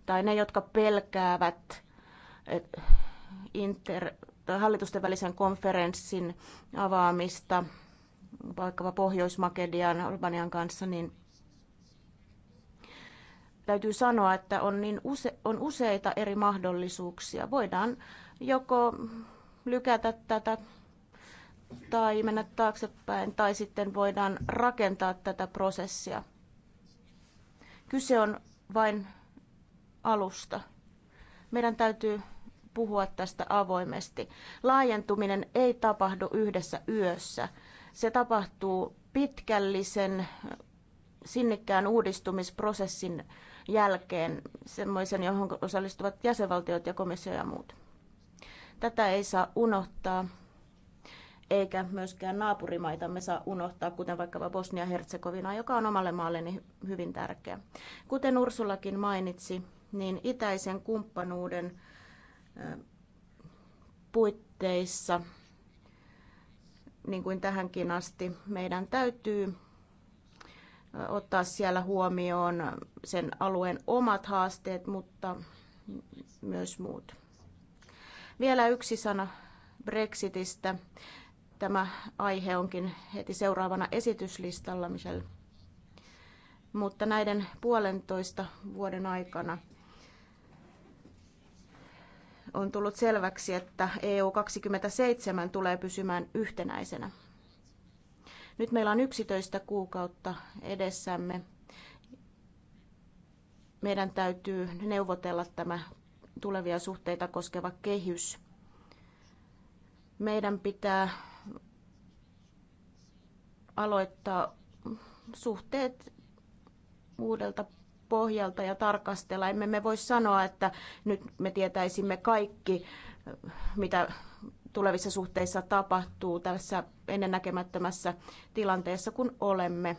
Tai ne, jotka pelkäävät inter, hallitusten välisen konferenssin avaamista vaikkapa Pohjois-Makedian Albanian kanssa, niin täytyy sanoa, että on, niin use, on useita eri mahdollisuuksia. Voidaan joko lykätä tätä tai mennä taaksepäin, tai sitten voidaan rakentaa tätä prosessia. Kyse on vain alusta. Meidän täytyy puhua tästä avoimesti. Laajentuminen ei tapahdu yhdessä yössä. Se tapahtuu pitkällisen sinnikkään uudistumisprosessin jälkeen, semmoisen, johon osallistuvat jäsenvaltiot ja komissio ja muut. Tätä ei saa unohtaa, eikä myöskään naapurimaitamme saa unohtaa, kuten vaikkapa Bosnia-Herzegovina, joka on omalle maalleni hyvin tärkeä. Kuten Ursulakin mainitsi, niin itäisen kumppanuuden puitteissa, niin kuin tähänkin asti, meidän täytyy ottaa siellä huomioon sen alueen omat haasteet, mutta myös muut. Vielä yksi sana Brexitistä. Tämä aihe onkin heti seuraavana esityslistalla, Michelle. Mutta näiden puolentoista vuoden aikana on tullut selväksi, että EU 27 tulee pysymään yhtenäisenä. Nyt meillä on 11 kuukautta edessämme. Meidän täytyy neuvotella tämä tulevia suhteita koskeva kehys. Meidän pitää aloittaa suhteet uudelta pohjalta ja tarkastella. Emme me voi sanoa, että nyt me tietäisimme kaikki, mitä tulevissa suhteissa tapahtuu tässä ennennäkemättömässä tilanteessa, kun olemme.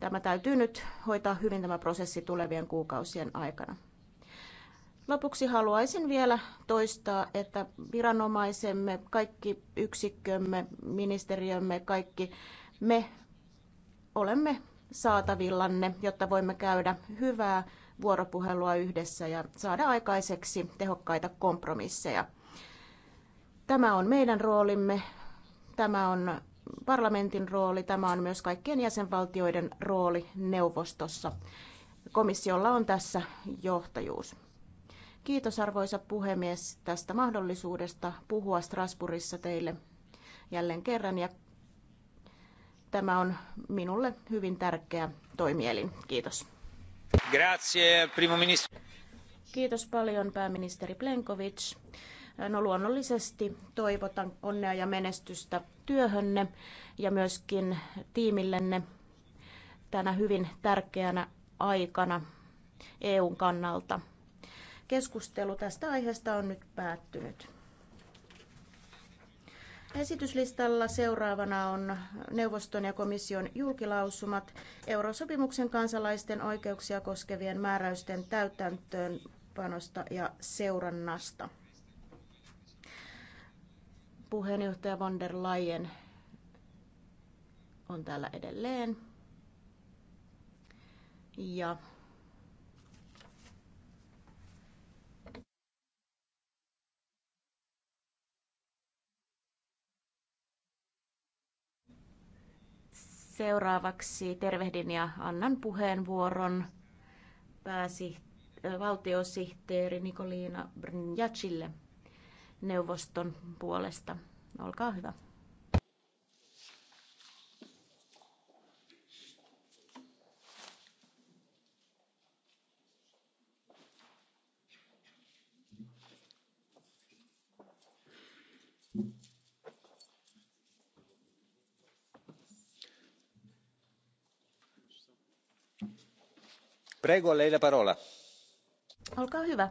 Tämä täytyy nyt hoitaa hyvin tämä prosessi tulevien kuukausien aikana. Lopuksi haluaisin vielä toistaa, että viranomaisemme, kaikki yksikkömme, ministeriömme, kaikki me olemme saatavillanne, jotta voimme käydä hyvää vuoropuhelua yhdessä ja saada aikaiseksi tehokkaita kompromisseja. Tämä on meidän roolimme, tämä on parlamentin rooli, tämä on myös kaikkien jäsenvaltioiden rooli neuvostossa. Komissiolla on tässä johtajuus. Kiitos arvoisa puhemies tästä mahdollisuudesta puhua Strasbourgissa teille jälleen kerran ja Tämä on minulle hyvin tärkeä toimielin. Kiitos. Grazie, primo ministro. Kiitos paljon pääministeri Plenkovic. No luonnollisesti toivotan onnea ja menestystä työhönne ja myöskin tiimillenne tänä hyvin tärkeänä aikana EUn kannalta. Keskustelu tästä aiheesta on nyt päättynyt. Esityslistalla seuraavana on neuvoston ja komission julkilausumat eurosopimuksen kansalaisten oikeuksia koskevien määräysten täytäntöönpanosta ja seurannasta. Puheenjohtaja von der Leyen on täällä edelleen. Ja Seuraavaksi tervehdin ja annan puheenvuoron pääsi, äh, valtiosihteeri Nikoliina Brnjacille neuvoston puolesta. Olkaa hyvä. Prego, hyvä.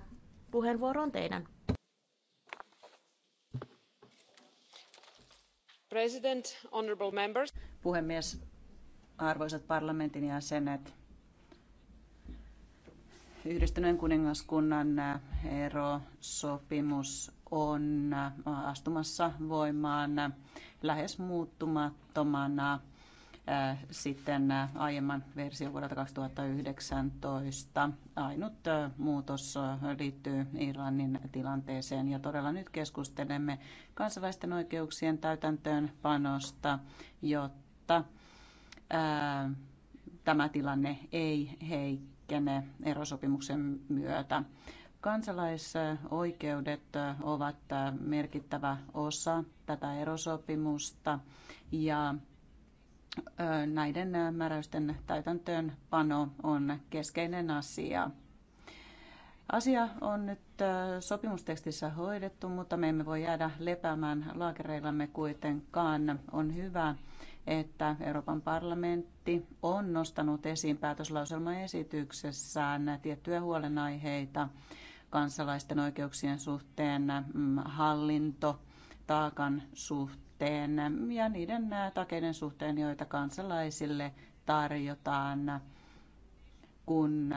Puhemies, arvoisat parlamentin jäsenet. Yhdistyneen kuningaskunnan äh, erosopimus on äh, astumassa voimaan äh, lähes muuttumattomana Äh, sitten äh, aiemman version vuodelta 2019. Ainut äh, muutos liittyy Irlannin tilanteeseen ja todella nyt keskustelemme kansalaisten oikeuksien täytäntöön panosta, jotta tämä tilanne ei heikkene erosopimuksen myötä. Kansalaisoikeudet ovat merkittävä osa tätä erosopimusta ja näiden määräysten täytäntöönpano on keskeinen asia. Asia on nyt sopimustekstissä hoidettu, mutta me emme voi jäädä lepäämään laakereillamme kuitenkaan. On hyvä, että Euroopan parlamentti on nostanut esiin päätöslauselmaesityksessään tiettyjä huolenaiheita kansalaisten oikeuksien suhteen, mm, hallinto, taakan suhteen suhteen ja niiden takeiden suhteen, joita kansalaisille tarjotaan, kun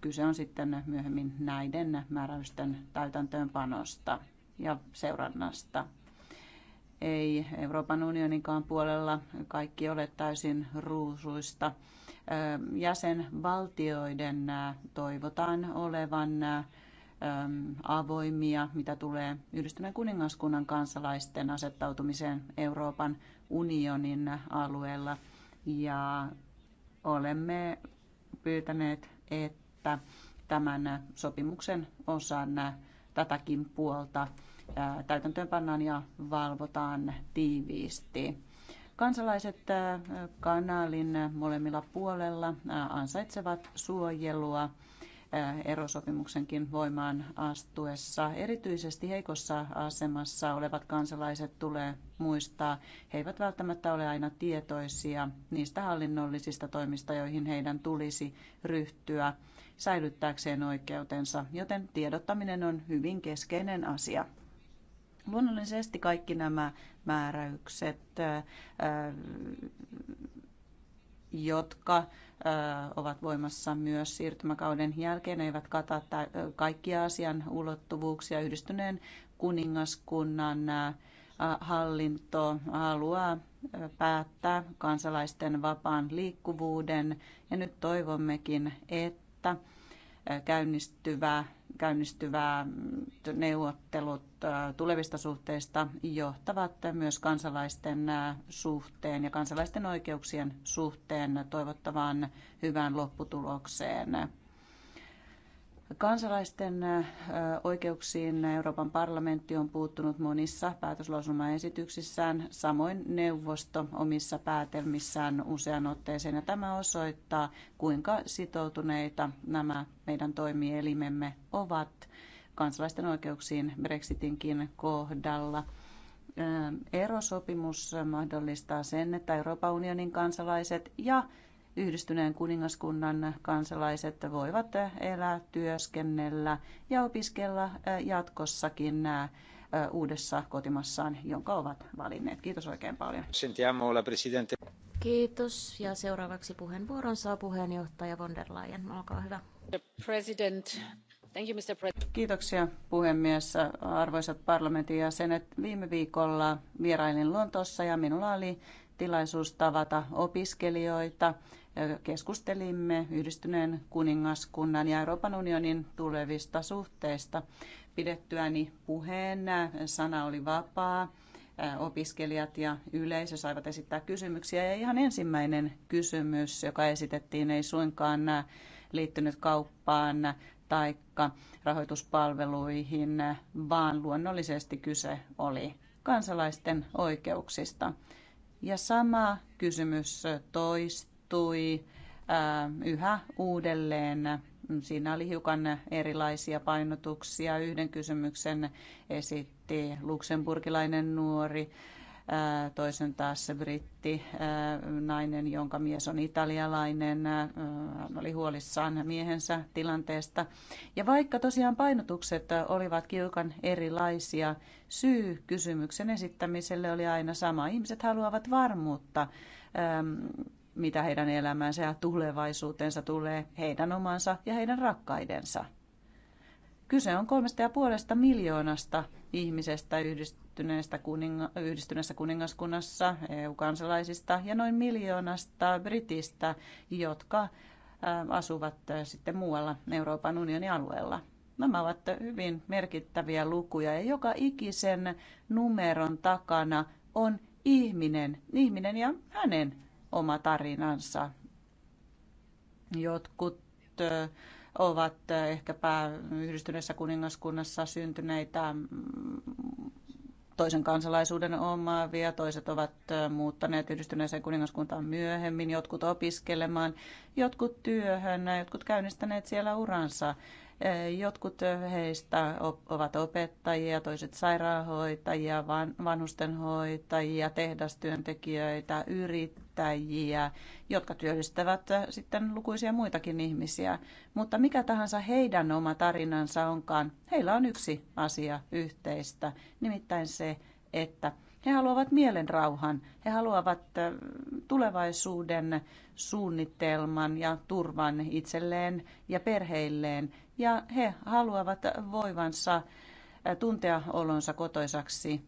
kyse on sitten myöhemmin näiden määräysten täytäntöönpanosta ja seurannasta. Ei Euroopan unioninkaan puolella kaikki ole täysin ruusuista. Jäsenvaltioiden toivotaan olevan avoimia, mitä tulee yhdistyneen kuningaskunnan kansalaisten asettautumiseen Euroopan unionin alueella. Ja olemme pyytäneet, että tämän sopimuksen osan tätäkin puolta täytäntöönpannaan ja valvotaan tiiviisti. Kansalaiset kanaalin molemmilla puolella ansaitsevat suojelua Äh, erosopimuksenkin voimaan astuessa. Erityisesti heikossa asemassa olevat kansalaiset tulee muistaa. He eivät välttämättä ole aina tietoisia niistä hallinnollisista toimista, joihin heidän tulisi ryhtyä säilyttääkseen oikeutensa, joten tiedottaminen on hyvin keskeinen asia. Luonnollisesti kaikki nämä määräykset, äh, jotka ovat voimassa myös siirtymäkauden jälkeen, eivät kata kaikkia asian ulottuvuuksia. Yhdistyneen kuningaskunnan hallinto haluaa päättää kansalaisten vapaan liikkuvuuden ja nyt toivommekin, että käynnistyvä käynnistyvät neuvottelut tulevista suhteista johtavat myös kansalaisten suhteen ja kansalaisten oikeuksien suhteen toivottavaan hyvään lopputulokseen. Kansalaisten oikeuksiin Euroopan parlamentti on puuttunut monissa päätöslausumaesityksissään, samoin neuvosto omissa päätelmissään usean otteeseen. Ja tämä osoittaa, kuinka sitoutuneita nämä meidän toimielimemme ovat kansalaisten oikeuksiin Brexitinkin kohdalla. Erosopimus mahdollistaa sen, että Euroopan unionin kansalaiset ja yhdistyneen kuningaskunnan kansalaiset voivat elää, työskennellä ja opiskella jatkossakin uudessa kotimassaan, jonka ovat valinneet. Kiitos oikein paljon. Kiitos. Ja seuraavaksi puheenvuoron saa puheenjohtaja von der Leyen. Olkaa hyvä. President. Thank you, Mr. Kiitoksia puhemies, arvoisat parlamentin jäsenet. Viime viikolla vierailin Lontoossa ja minulla oli tilaisuus tavata opiskelijoita. Keskustelimme yhdistyneen kuningaskunnan ja Euroopan unionin tulevista suhteista. Pidettyäni puheen sana oli vapaa. Äh, opiskelijat ja yleisö saivat esittää kysymyksiä. Ja ihan ensimmäinen kysymys, joka esitettiin, ei suinkaan äh, liittynyt kauppaan tai rahoituspalveluihin, äh, vaan luonnollisesti kyse oli kansalaisten oikeuksista. Ja sama kysymys toistui äh, yhä uudelleen. Siinä oli hiukan erilaisia painotuksia. Yhden kysymyksen esitti luksemburgilainen nuori toisen taas se britti nainen, jonka mies on italialainen. Hän oli huolissaan miehensä tilanteesta. Ja vaikka tosiaan painotukset olivat kiukan erilaisia, syy kysymyksen esittämiselle oli aina sama. Ihmiset haluavat varmuutta mitä heidän elämänsä ja tulevaisuutensa tulee, heidän omansa ja heidän rakkaidensa. Kyse on kolmesta ja puolesta miljoonasta ihmisestä yhdistyneestä kuninga- yhdistyneessä kuningaskunnassa, EU-kansalaisista ja noin miljoonasta britistä, jotka asuvat sitten muualla Euroopan unionin alueella. Nämä ovat hyvin merkittäviä lukuja ja joka ikisen numeron takana on ihminen, ihminen ja hänen oma tarinansa. Jotkut ovat eh, ehkäpä yhdistyneessä kuningaskunnassa syntyneitä mm, toisen kansalaisuuden omaavia, toiset ovat eh, muuttaneet yhdistyneeseen kuningaskuntaan myöhemmin, jotkut opiskelemaan, jotkut työhön, jotkut käynnistäneet siellä uransa. Eh, jotkut heistä ovat opettajia, toiset sairaanhoitajia, vanhustenhoitajia, tehdastyöntekijöitä, yrittäjiä yrittäjiä, jotka työllistävät äh, sitten lukuisia muitakin ihmisiä. Mutta mikä tahansa heidän oma tarinansa onkaan, heillä on yksi asia yhteistä, nimittäin se, että he haluavat mielenrauhan, he haluavat äh, tulevaisuuden suunnitelman ja turvan itselleen ja perheilleen. Ja he haluavat voivansa äh, tuntea olonsa kotoisaksi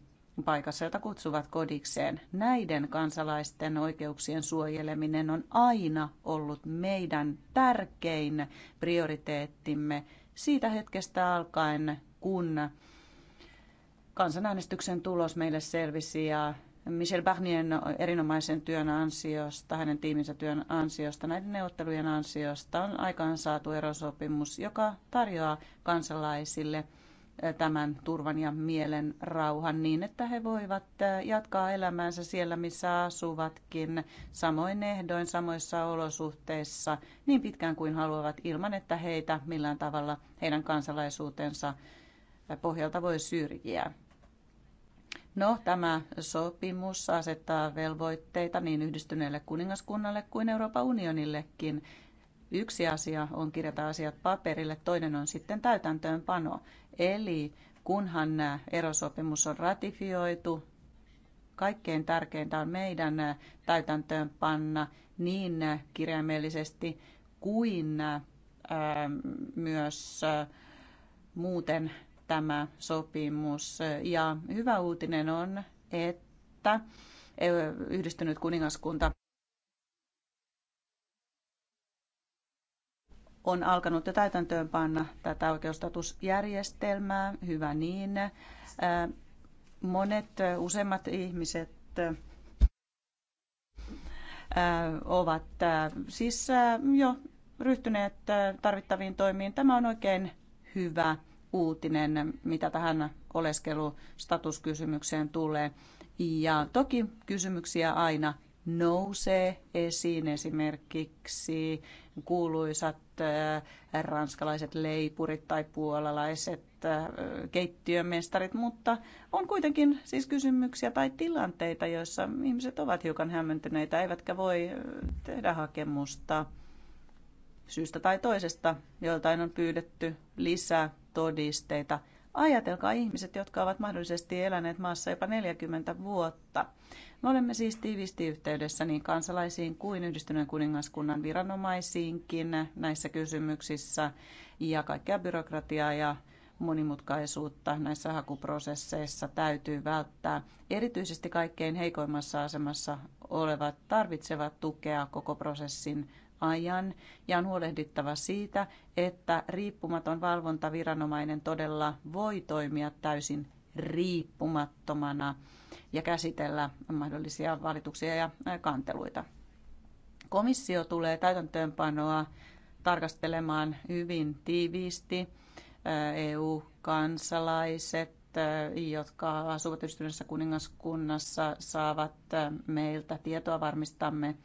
paikassa, jota kutsuvat kodikseen. Näiden kansalaisten oikeuksien suojeleminen on aina ollut meidän tärkein prioriteettimme siitä hetkestä alkaen, kun kansanäänestyksen tulos meille selvisi ja Michel Barnien erinomaisen työn ansiosta, hänen tiiminsä työn ansiosta, näiden neuvottelujen ansiosta on saatu erosopimus, joka tarjoaa kansalaisille – tämän turvan ja mielen rauhan niin, että he voivat jatkaa elämäänsä siellä, missä asuvatkin, samoin ehdoin, samoissa olosuhteissa, niin pitkään kuin haluavat, ilman että heitä millään tavalla heidän kansalaisuutensa pohjalta voi syrjiä. No, tämä sopimus asettaa velvoitteita niin yhdistyneelle kuningaskunnalle kuin Euroopan unionillekin. Yksi asia on kirjata asiat paperille, toinen on sitten täytäntöönpano. Eli kunhan nämä erosopimus on ratifioitu, kaikkein tärkeintä on meidän täytäntöönpanna niin kirjaimellisesti kuin myös muuten tämä sopimus. Ja hyvä uutinen on, että yhdistynyt kuningaskunta on alkanut jo täytäntöönpanna tätä oikeustatusjärjestelmää, hyvä niin. Äh, monet äh, useimmat ihmiset äh, ovat siis jo ryhtyneet tarvittaviin toimiin. Tämä on oikein hyvä uutinen, mitä tähän oleskelustatuskysymykseen tulee. Ja toki kysymyksiä aina nousee esiin esimerkiksi kuuluisat äh, ranskalaiset leipurit tai puolalaiset äh, keittiömestarit, mutta on kuitenkin siis kysymyksiä tai tilanteita, joissa ihmiset ovat hiukan hämmentyneitä, eivätkä voi äh, tehdä hakemusta syystä tai toisesta, joltain on pyydetty lisää todisteita. Ajatelkaa ihmiset, jotka ovat mahdollisesti eläneet maassa jopa 40 vuotta. Me olemme siis tiivisti yhteydessä niin kansalaisiin kuin yhdistyneen kuningaskunnan viranomaisiinkin näissä kysymyksissä ja kaikkea byrokratiaa ja monimutkaisuutta näissä hakuprosesseissa täytyy välttää. Erityisesti kaikkein heikoimmassa asemassa olevat tarvitsevat tukea koko prosessin ajan ja on huolehdittava siitä, että riippumaton valvontaviranomainen todella voi toimia täysin riippumattomana ja käsitellä mahdollisia valituksia ja kanteluita. Komissio tulee täytäntöönpanoa tarkastelemaan hyvin tiiviisti. EU-kansalaiset, jotka asuvat yhdistyneessä kuningaskunnassa, saavat meiltä tietoa. Varmistamme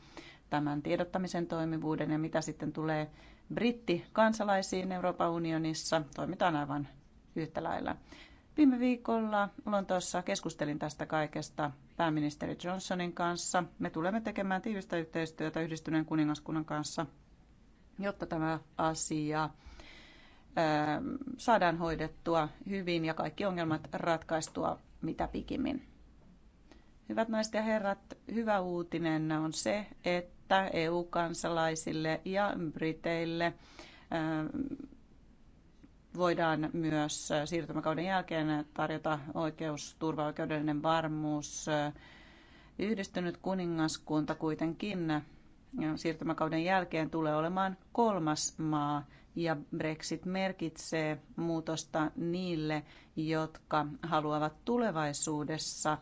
tämän tiedottamisen toimivuuden ja mitä sitten tulee brittikansalaisiin Euroopan unionissa, toimitaan aivan yhtä lailla. Viime viikolla Lontoossa keskustelin tästä kaikesta pääministeri Johnsonin kanssa. Me tulemme tekemään tiivistä yhteistyötä yhdistyneen kuningaskunnan kanssa, jotta tämä asia saadaan hoidettua hyvin ja kaikki ongelmat ratkaistua mitä pikimmin. Hyvät naiset ja herrat, hyvä uutinen on se, että että EU-kansalaisille ja Briteille voidaan myös siirtymäkauden jälkeen tarjota oikeus, turvaoikeudellinen varmuus. Yhdistynyt kuningaskunta kuitenkin siirtymäkauden jälkeen tulee olemaan kolmas maa, ja Brexit merkitsee muutosta niille, jotka haluavat tulevaisuudessa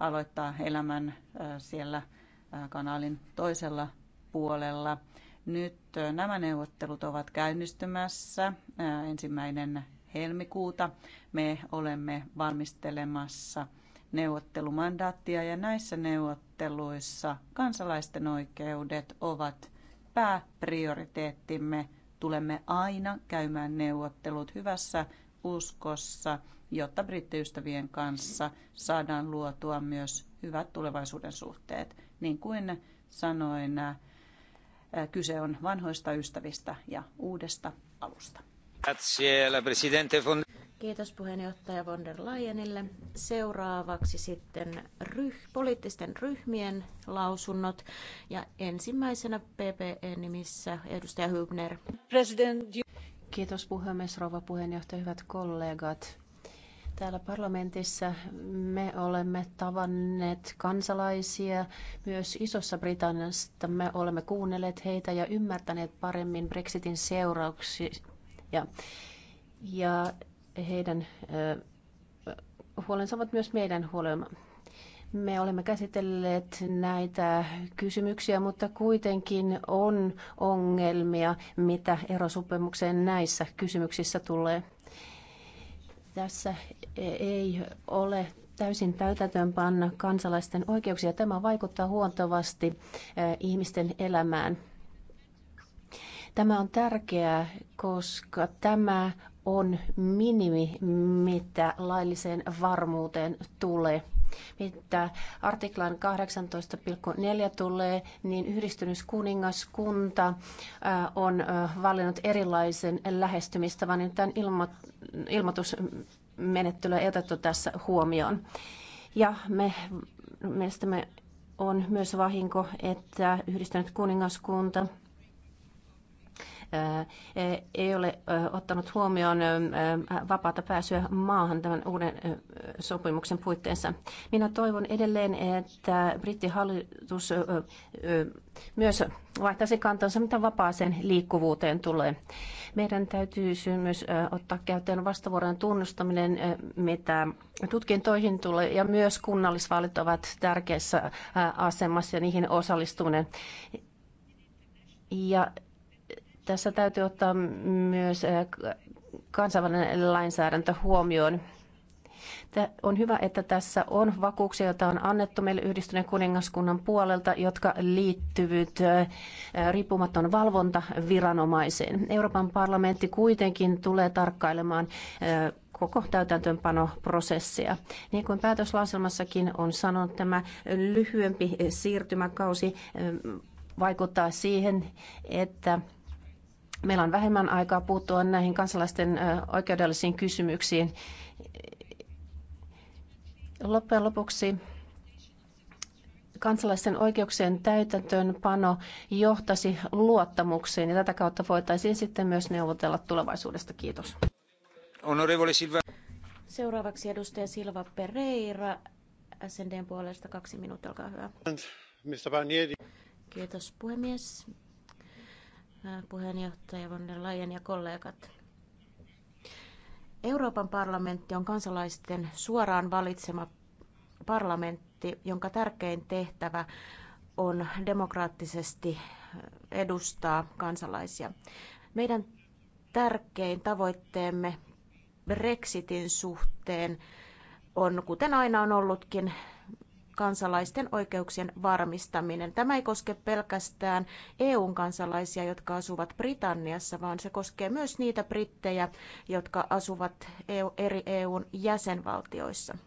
aloittaa elämän siellä – Äh, kanaalin toisella puolella. Nyt äh, nämä neuvottelut ovat käynnistymässä äh, ensimmäinen helmikuuta. Me olemme valmistelemassa neuvottelumandaattia ja näissä neuvotteluissa kansalaisten oikeudet ovat pääprioriteettimme. Tulemme aina käymään neuvottelut hyvässä uskossa, jotta brittiystävien kanssa saadaan luotua myös hyvät tulevaisuuden suhteet. Niin kuin sanoin, äh, kyse on vanhoista ystävistä ja uudesta alusta. Kiitos puheenjohtaja von der Leyenille. Seuraavaksi sitten ryh, poliittisten ryhmien lausunnot ja ensimmäisenä PPE-nimissä edustaja Hübner. President... Kiitos puhemies, rouva puheenjohtaja, hyvät kollegat. Täällä parlamentissa me olemme tavanneet kansalaisia myös Isossa Britanniasta. Me olemme kuunnelleet heitä ja ymmärtäneet paremmin Brexitin seurauksia ja heidän huolensa ovat myös meidän huolemme. Me olemme käsitelleet näitä kysymyksiä, mutta kuitenkin on ongelmia, mitä erosopimukseen näissä kysymyksissä tulee tässä ei ole täysin täytäntöönpanna kansalaisten oikeuksia. Tämä vaikuttaa huontavasti eh, ihmisten elämään. Tämä on tärkeää, koska tämä on minimi, mitä lailliseen varmuuteen tulee. Mitä artiklan 18.4 tulee, niin yhdistynyt kuningaskunta on valinnut erilaisen lähestymistavan, niin tämän ilmo- ilmoitusmenettelyä ei otettu tässä huomioon. Ja me, mielestämme on myös vahinko, että yhdistynyt kuningaskunta ei ole ottanut huomioon vapaata pääsyä maahan tämän uuden sopimuksen puitteissa. Minä toivon edelleen, että brittihallitus myös vaihtaisi kantansa, mitä vapaaseen liikkuvuuteen tulee. Meidän täytyy myös ottaa käyttöön vastavuoron tunnustaminen, mitä tutkintoihin tulee, ja myös kunnallisvaalit ovat tärkeässä asemassa ja niihin osallistuminen. Ja tässä täytyy ottaa myös eh, kansainvälinen lainsäädäntö huomioon. On hyvä, että tässä on vakuuksia, joita on annettu meille yhdistyneen kuningaskunnan puolelta, jotka liittyvät eh, eh, riippumaton valvontaviranomaiseen. Euroopan parlamentti kuitenkin tulee tarkkailemaan koko täytäntöönpanoprosessia. Niin kuin päätöslauselmassakin on sanonut, tämä lyhyempi siirtymäkausi vaikuttaa siihen, että Meillä on vähemmän aikaa puuttua näihin kansalaisten oikeudellisiin kysymyksiin. Loppujen lopuksi kansalaisten oikeuksien täytäntöönpano johtasi luottamukseen ja tätä kautta voitaisiin sitten myös neuvotella tulevaisuudesta. Kiitos. Seuraavaksi edustaja Silva Pereira SNDn puolesta kaksi minuuttia, olkaa hyvä. Kiitos puhemies. Äh, puheenjohtaja von der Leyen ja kollegat. Euroopan parlamentti on kansalaisten suoraan valitsema parlamentti, jonka tärkein tehtävä on demokraattisesti äh, edustaa kansalaisia. Meidän tärkein tavoitteemme Brexitin suhteen on, kuten aina on ollutkin, kansalaisten oikeuksien varmistaminen. Tämä ei koske pelkästään EUn kansalaisia, jotka asuvat Britanniassa, vaan se koskee myös niitä brittejä, jotka asuvat e eri EUn jäsenvaltioissa.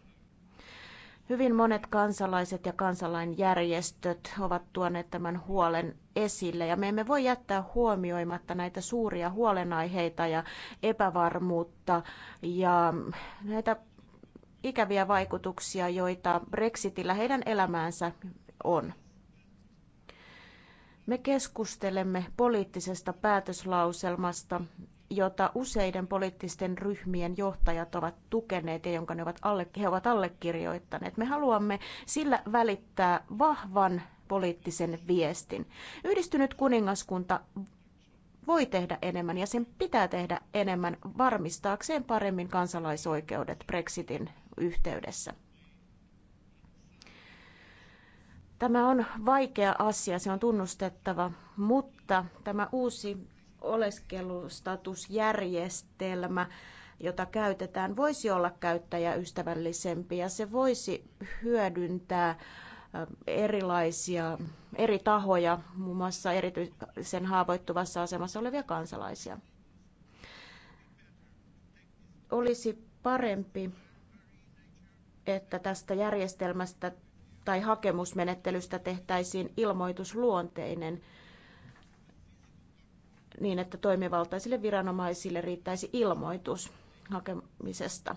Hyvin monet kansalaiset ja kansalainjärjestöt ovat tuoneet tämän huolen esille ja me emme voi jättää huomioimatta näitä suuria huolenaiheita ja epävarmuutta ja näitä ikäviä vaikutuksia, joita Brexitillä heidän elämäänsä on. Me keskustelemme poliittisesta päätöslauselmasta, jota useiden poliittisten ryhmien johtajat ovat tukeneet ja jonka ne ovat alle, he ovat allekirjoittaneet. Me haluamme sillä välittää vahvan poliittisen viestin. Yhdistynyt kuningaskunta voi tehdä enemmän ja sen pitää tehdä enemmän varmistaakseen paremmin kansalaisoikeudet Brexitin yhteydessä. Tämä on vaikea asia, se on tunnustettava, mutta tämä uusi oleskelustatusjärjestelmä, jota käytetään, voisi olla käyttäjäystävällisempi ja se voisi hyödyntää erilaisia eri tahoja, muun muassa erityisen haavoittuvassa asemassa olevia kansalaisia. Olisi parempi että tästä järjestelmästä tai hakemusmenettelystä tehtäisiin ilmoitusluonteinen niin, että toimivaltaisille viranomaisille riittäisi ilmoitus hakemisesta.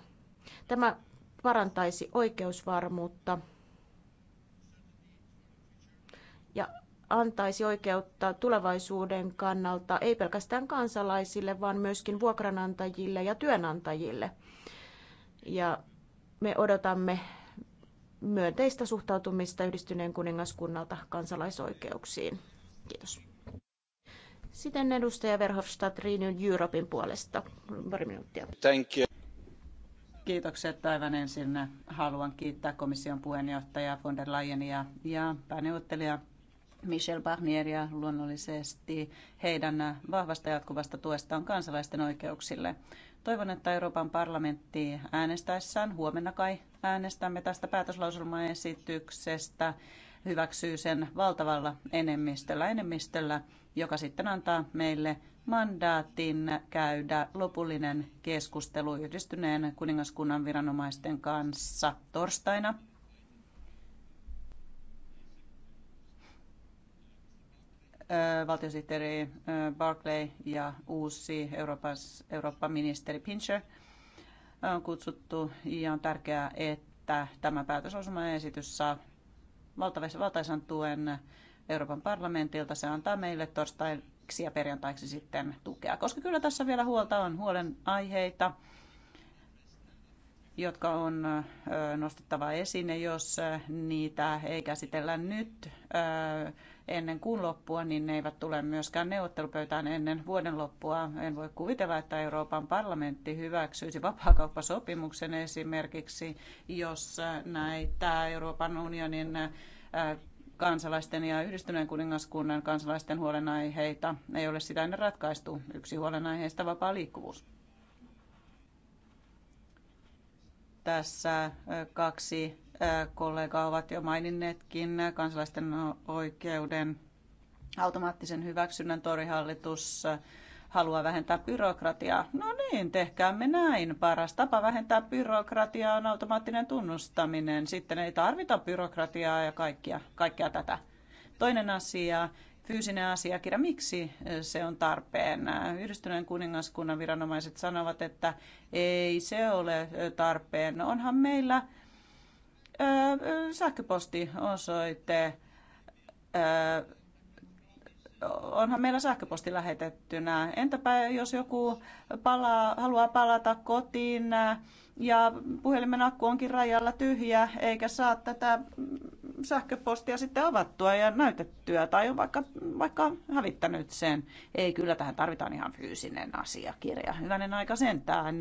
Tämä parantaisi oikeusvarmuutta ja antaisi oikeutta tulevaisuuden kannalta ei pelkästään kansalaisille, vaan myöskin vuokranantajille ja työnantajille. Ja me odotamme myönteistä suhtautumista yhdistyneen kuningaskunnalta kansalaisoikeuksiin. Kiitos. Sitten edustaja Verhofstadt Renew Europein puolesta. Pari minuuttia. Thank you. Kiitokset aivan ensin. Haluan kiittää komission puheenjohtajaa von der Leyenia ja pääneuvottelija Michel Barnieria luonnollisesti heidän vahvasta jatkuvasta tuestaan kansalaisten oikeuksille. Toivon, että Euroopan parlamentti äänestäessään, huomenna kai äänestämme tästä päätöslauselmaesityksestä, hyväksyy sen valtavalla enemmistöllä, enemmistöllä, joka sitten antaa meille mandaatin käydä lopullinen keskustelu yhdistyneen kuningaskunnan viranomaisten kanssa torstaina valtiosihteeri Barclay ja uusi Eurooppa-ministeri Pincher on kutsuttu ja on tärkeää, että tämä päätösosuma-esitys saa valtaisan tuen Euroopan parlamentilta. Se antaa meille torstaiksi ja perjantaiksi sitten tukea, koska kyllä tässä vielä huolta on, huolen aiheita jotka on nostettava esiin, jos niitä ei käsitellä nyt ennen kuun loppua, niin ne eivät tule myöskään neuvottelupöytään ennen vuoden loppua. En voi kuvitella, että Euroopan parlamentti hyväksyisi vapaakauppasopimuksen esimerkiksi, jos näitä Euroopan unionin kansalaisten ja yhdistyneen kuningaskunnan kansalaisten huolenaiheita ei ole sitä ennen ratkaistu. Yksi huolenaiheista vapaa liikkuvuus. tässä äh, kaksi äh, kollegaa ovat jo maininneetkin äh, kansalaisten oikeuden automaattisen hyväksynnän torihallitus haluaa vähentää byrokratiaa. No niin, tehkäämme näin. Paras tapa vähentää byrokratiaa on automaattinen tunnustaminen. Sitten ei tarvita byrokratiaa ja kaikkia, kaikkea tätä. Toinen asia, fyysinen asiakirja, miksi eh, se on tarpeen. Yhdistyneen kuningaskunnan viranomaiset sanovat, että ei se ole eh, tarpeen. Onhan meillä eh, sähköpostiosoite, onhan meillä sähköposti lähetettynä. Entäpä jos joku palaa, haluaa palata kotiin ja puhelimen akku onkin rajalla tyhjä eikä saa tätä sähköpostia sitten avattua ja näytettyä tai on vaikka, vaikka hävittänyt sen. Ei, kyllä tähän tarvitaan ihan fyysinen asiakirja. Hyvänen aika sentään.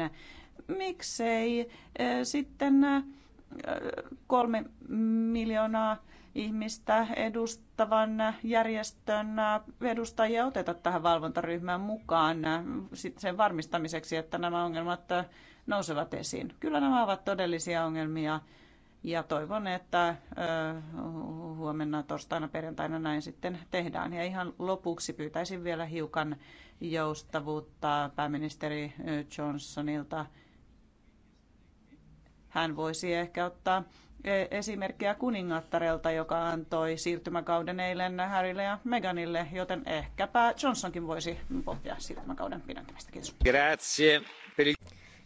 Miksei eh, sitten eh, kolme miljoonaa ihmistä edustavan järjestön edustajia oteta tähän valvontaryhmään mukaan sen varmistamiseksi, että nämä ongelmat nousevat esiin. Kyllä nämä ovat todellisia ongelmia ja toivon, että huomenna, torstaina, perjantaina näin sitten tehdään. Ja ihan lopuksi pyytäisin vielä hiukan joustavuutta pääministeri Johnsonilta. Hän voisi ehkä ottaa e, esimerkkiä kuningattarelta, joka antoi siirtymäkauden eilen Harrylle ja Meganille, joten ehkäpä Johnsonkin voisi pohtia siirtymäkauden pidentämistä. Kiitos. Grazie.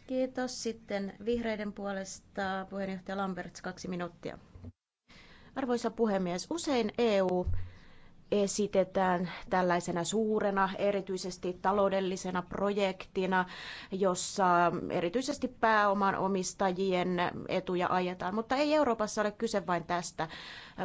Kiitos. Sitten vihreiden puolesta puheenjohtaja Lamberts, kaksi minuuttia. Arvoisa puhemies, usein EU esitetään tällaisena suurena, erityisesti taloudellisena projektina, jossa erityisesti pääoman omistajien etuja ajetaan. Mutta ei Euroopassa ole kyse vain tästä.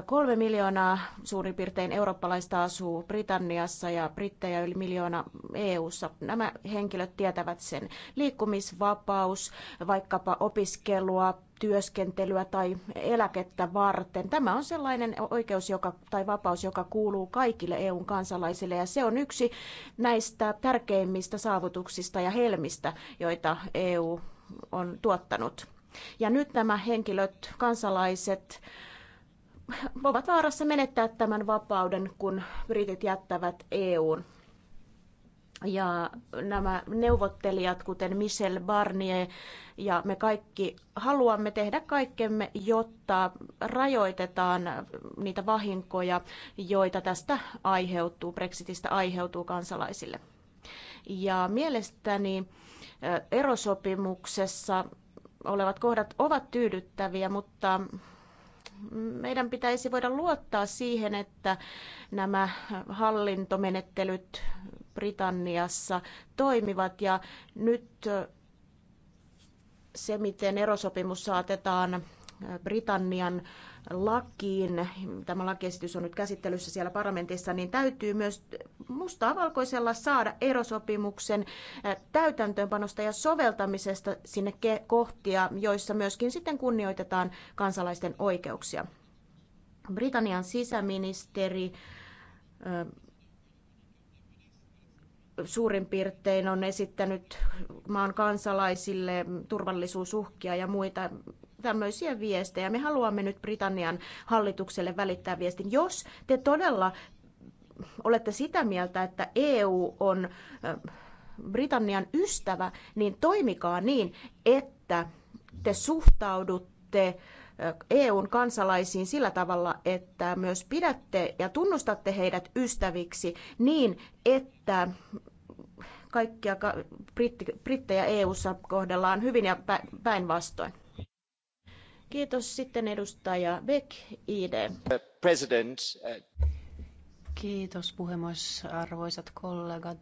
Kolme miljoonaa suurin piirtein eurooppalaista asuu Britanniassa ja brittejä yli miljoona EU:ssa. Nämä henkilöt tietävät sen. Liikkumisvapaus, vaikkapa opiskelua, työskentelyä tai eläkettä varten. Tämä on sellainen oikeus joka, tai vapaus, joka kuuluu kaikille EUn kansalaisille ja se on yksi näistä tärkeimmistä saavutuksista ja helmistä, joita EU on tuottanut. Ja nyt nämä henkilöt, kansalaiset, ovat vaarassa menettää tämän vapauden, kun britit jättävät EUn. Ja nämä neuvottelijat, kuten Michel Barnier ja me kaikki, haluamme tehdä kaikkemme, jotta rajoitetaan niitä vahinkoja, joita tästä aiheutuu, Brexitistä aiheutuu kansalaisille. Ja mielestäni erosopimuksessa olevat kohdat ovat tyydyttäviä, mutta meidän pitäisi voida luottaa siihen, että nämä hallintomenettelyt Britanniassa toimivat ja nyt se, miten erosopimus saatetaan Britannian lakiin, tämä lakiesitys on nyt käsittelyssä siellä parlamentissa, niin täytyy myös mustaa valkoisella saada erosopimuksen täytäntöönpanosta ja soveltamisesta sinne kohtia, joissa myöskin sitten kunnioitetaan kansalaisten oikeuksia. Britannian sisäministeri suurin piirtein on esittänyt maan kansalaisille turvallisuusuhkia ja muita tämmöisiä viestejä. Me haluamme nyt Britannian hallitukselle välittää viestin. Jos te todella olette sitä mieltä, että EU on Britannian ystävä, niin toimikaa niin, että te suhtaudutte EUn kansalaisiin sillä tavalla, että myös pidätte ja tunnustatte heidät ystäviksi niin, että kaikkia brittejä EUssa kohdellaan hyvin ja päinvastoin. Kiitos sitten edustaja Beck, ID. President. Uh, Kiitos puhemies, arvoisat kollegat.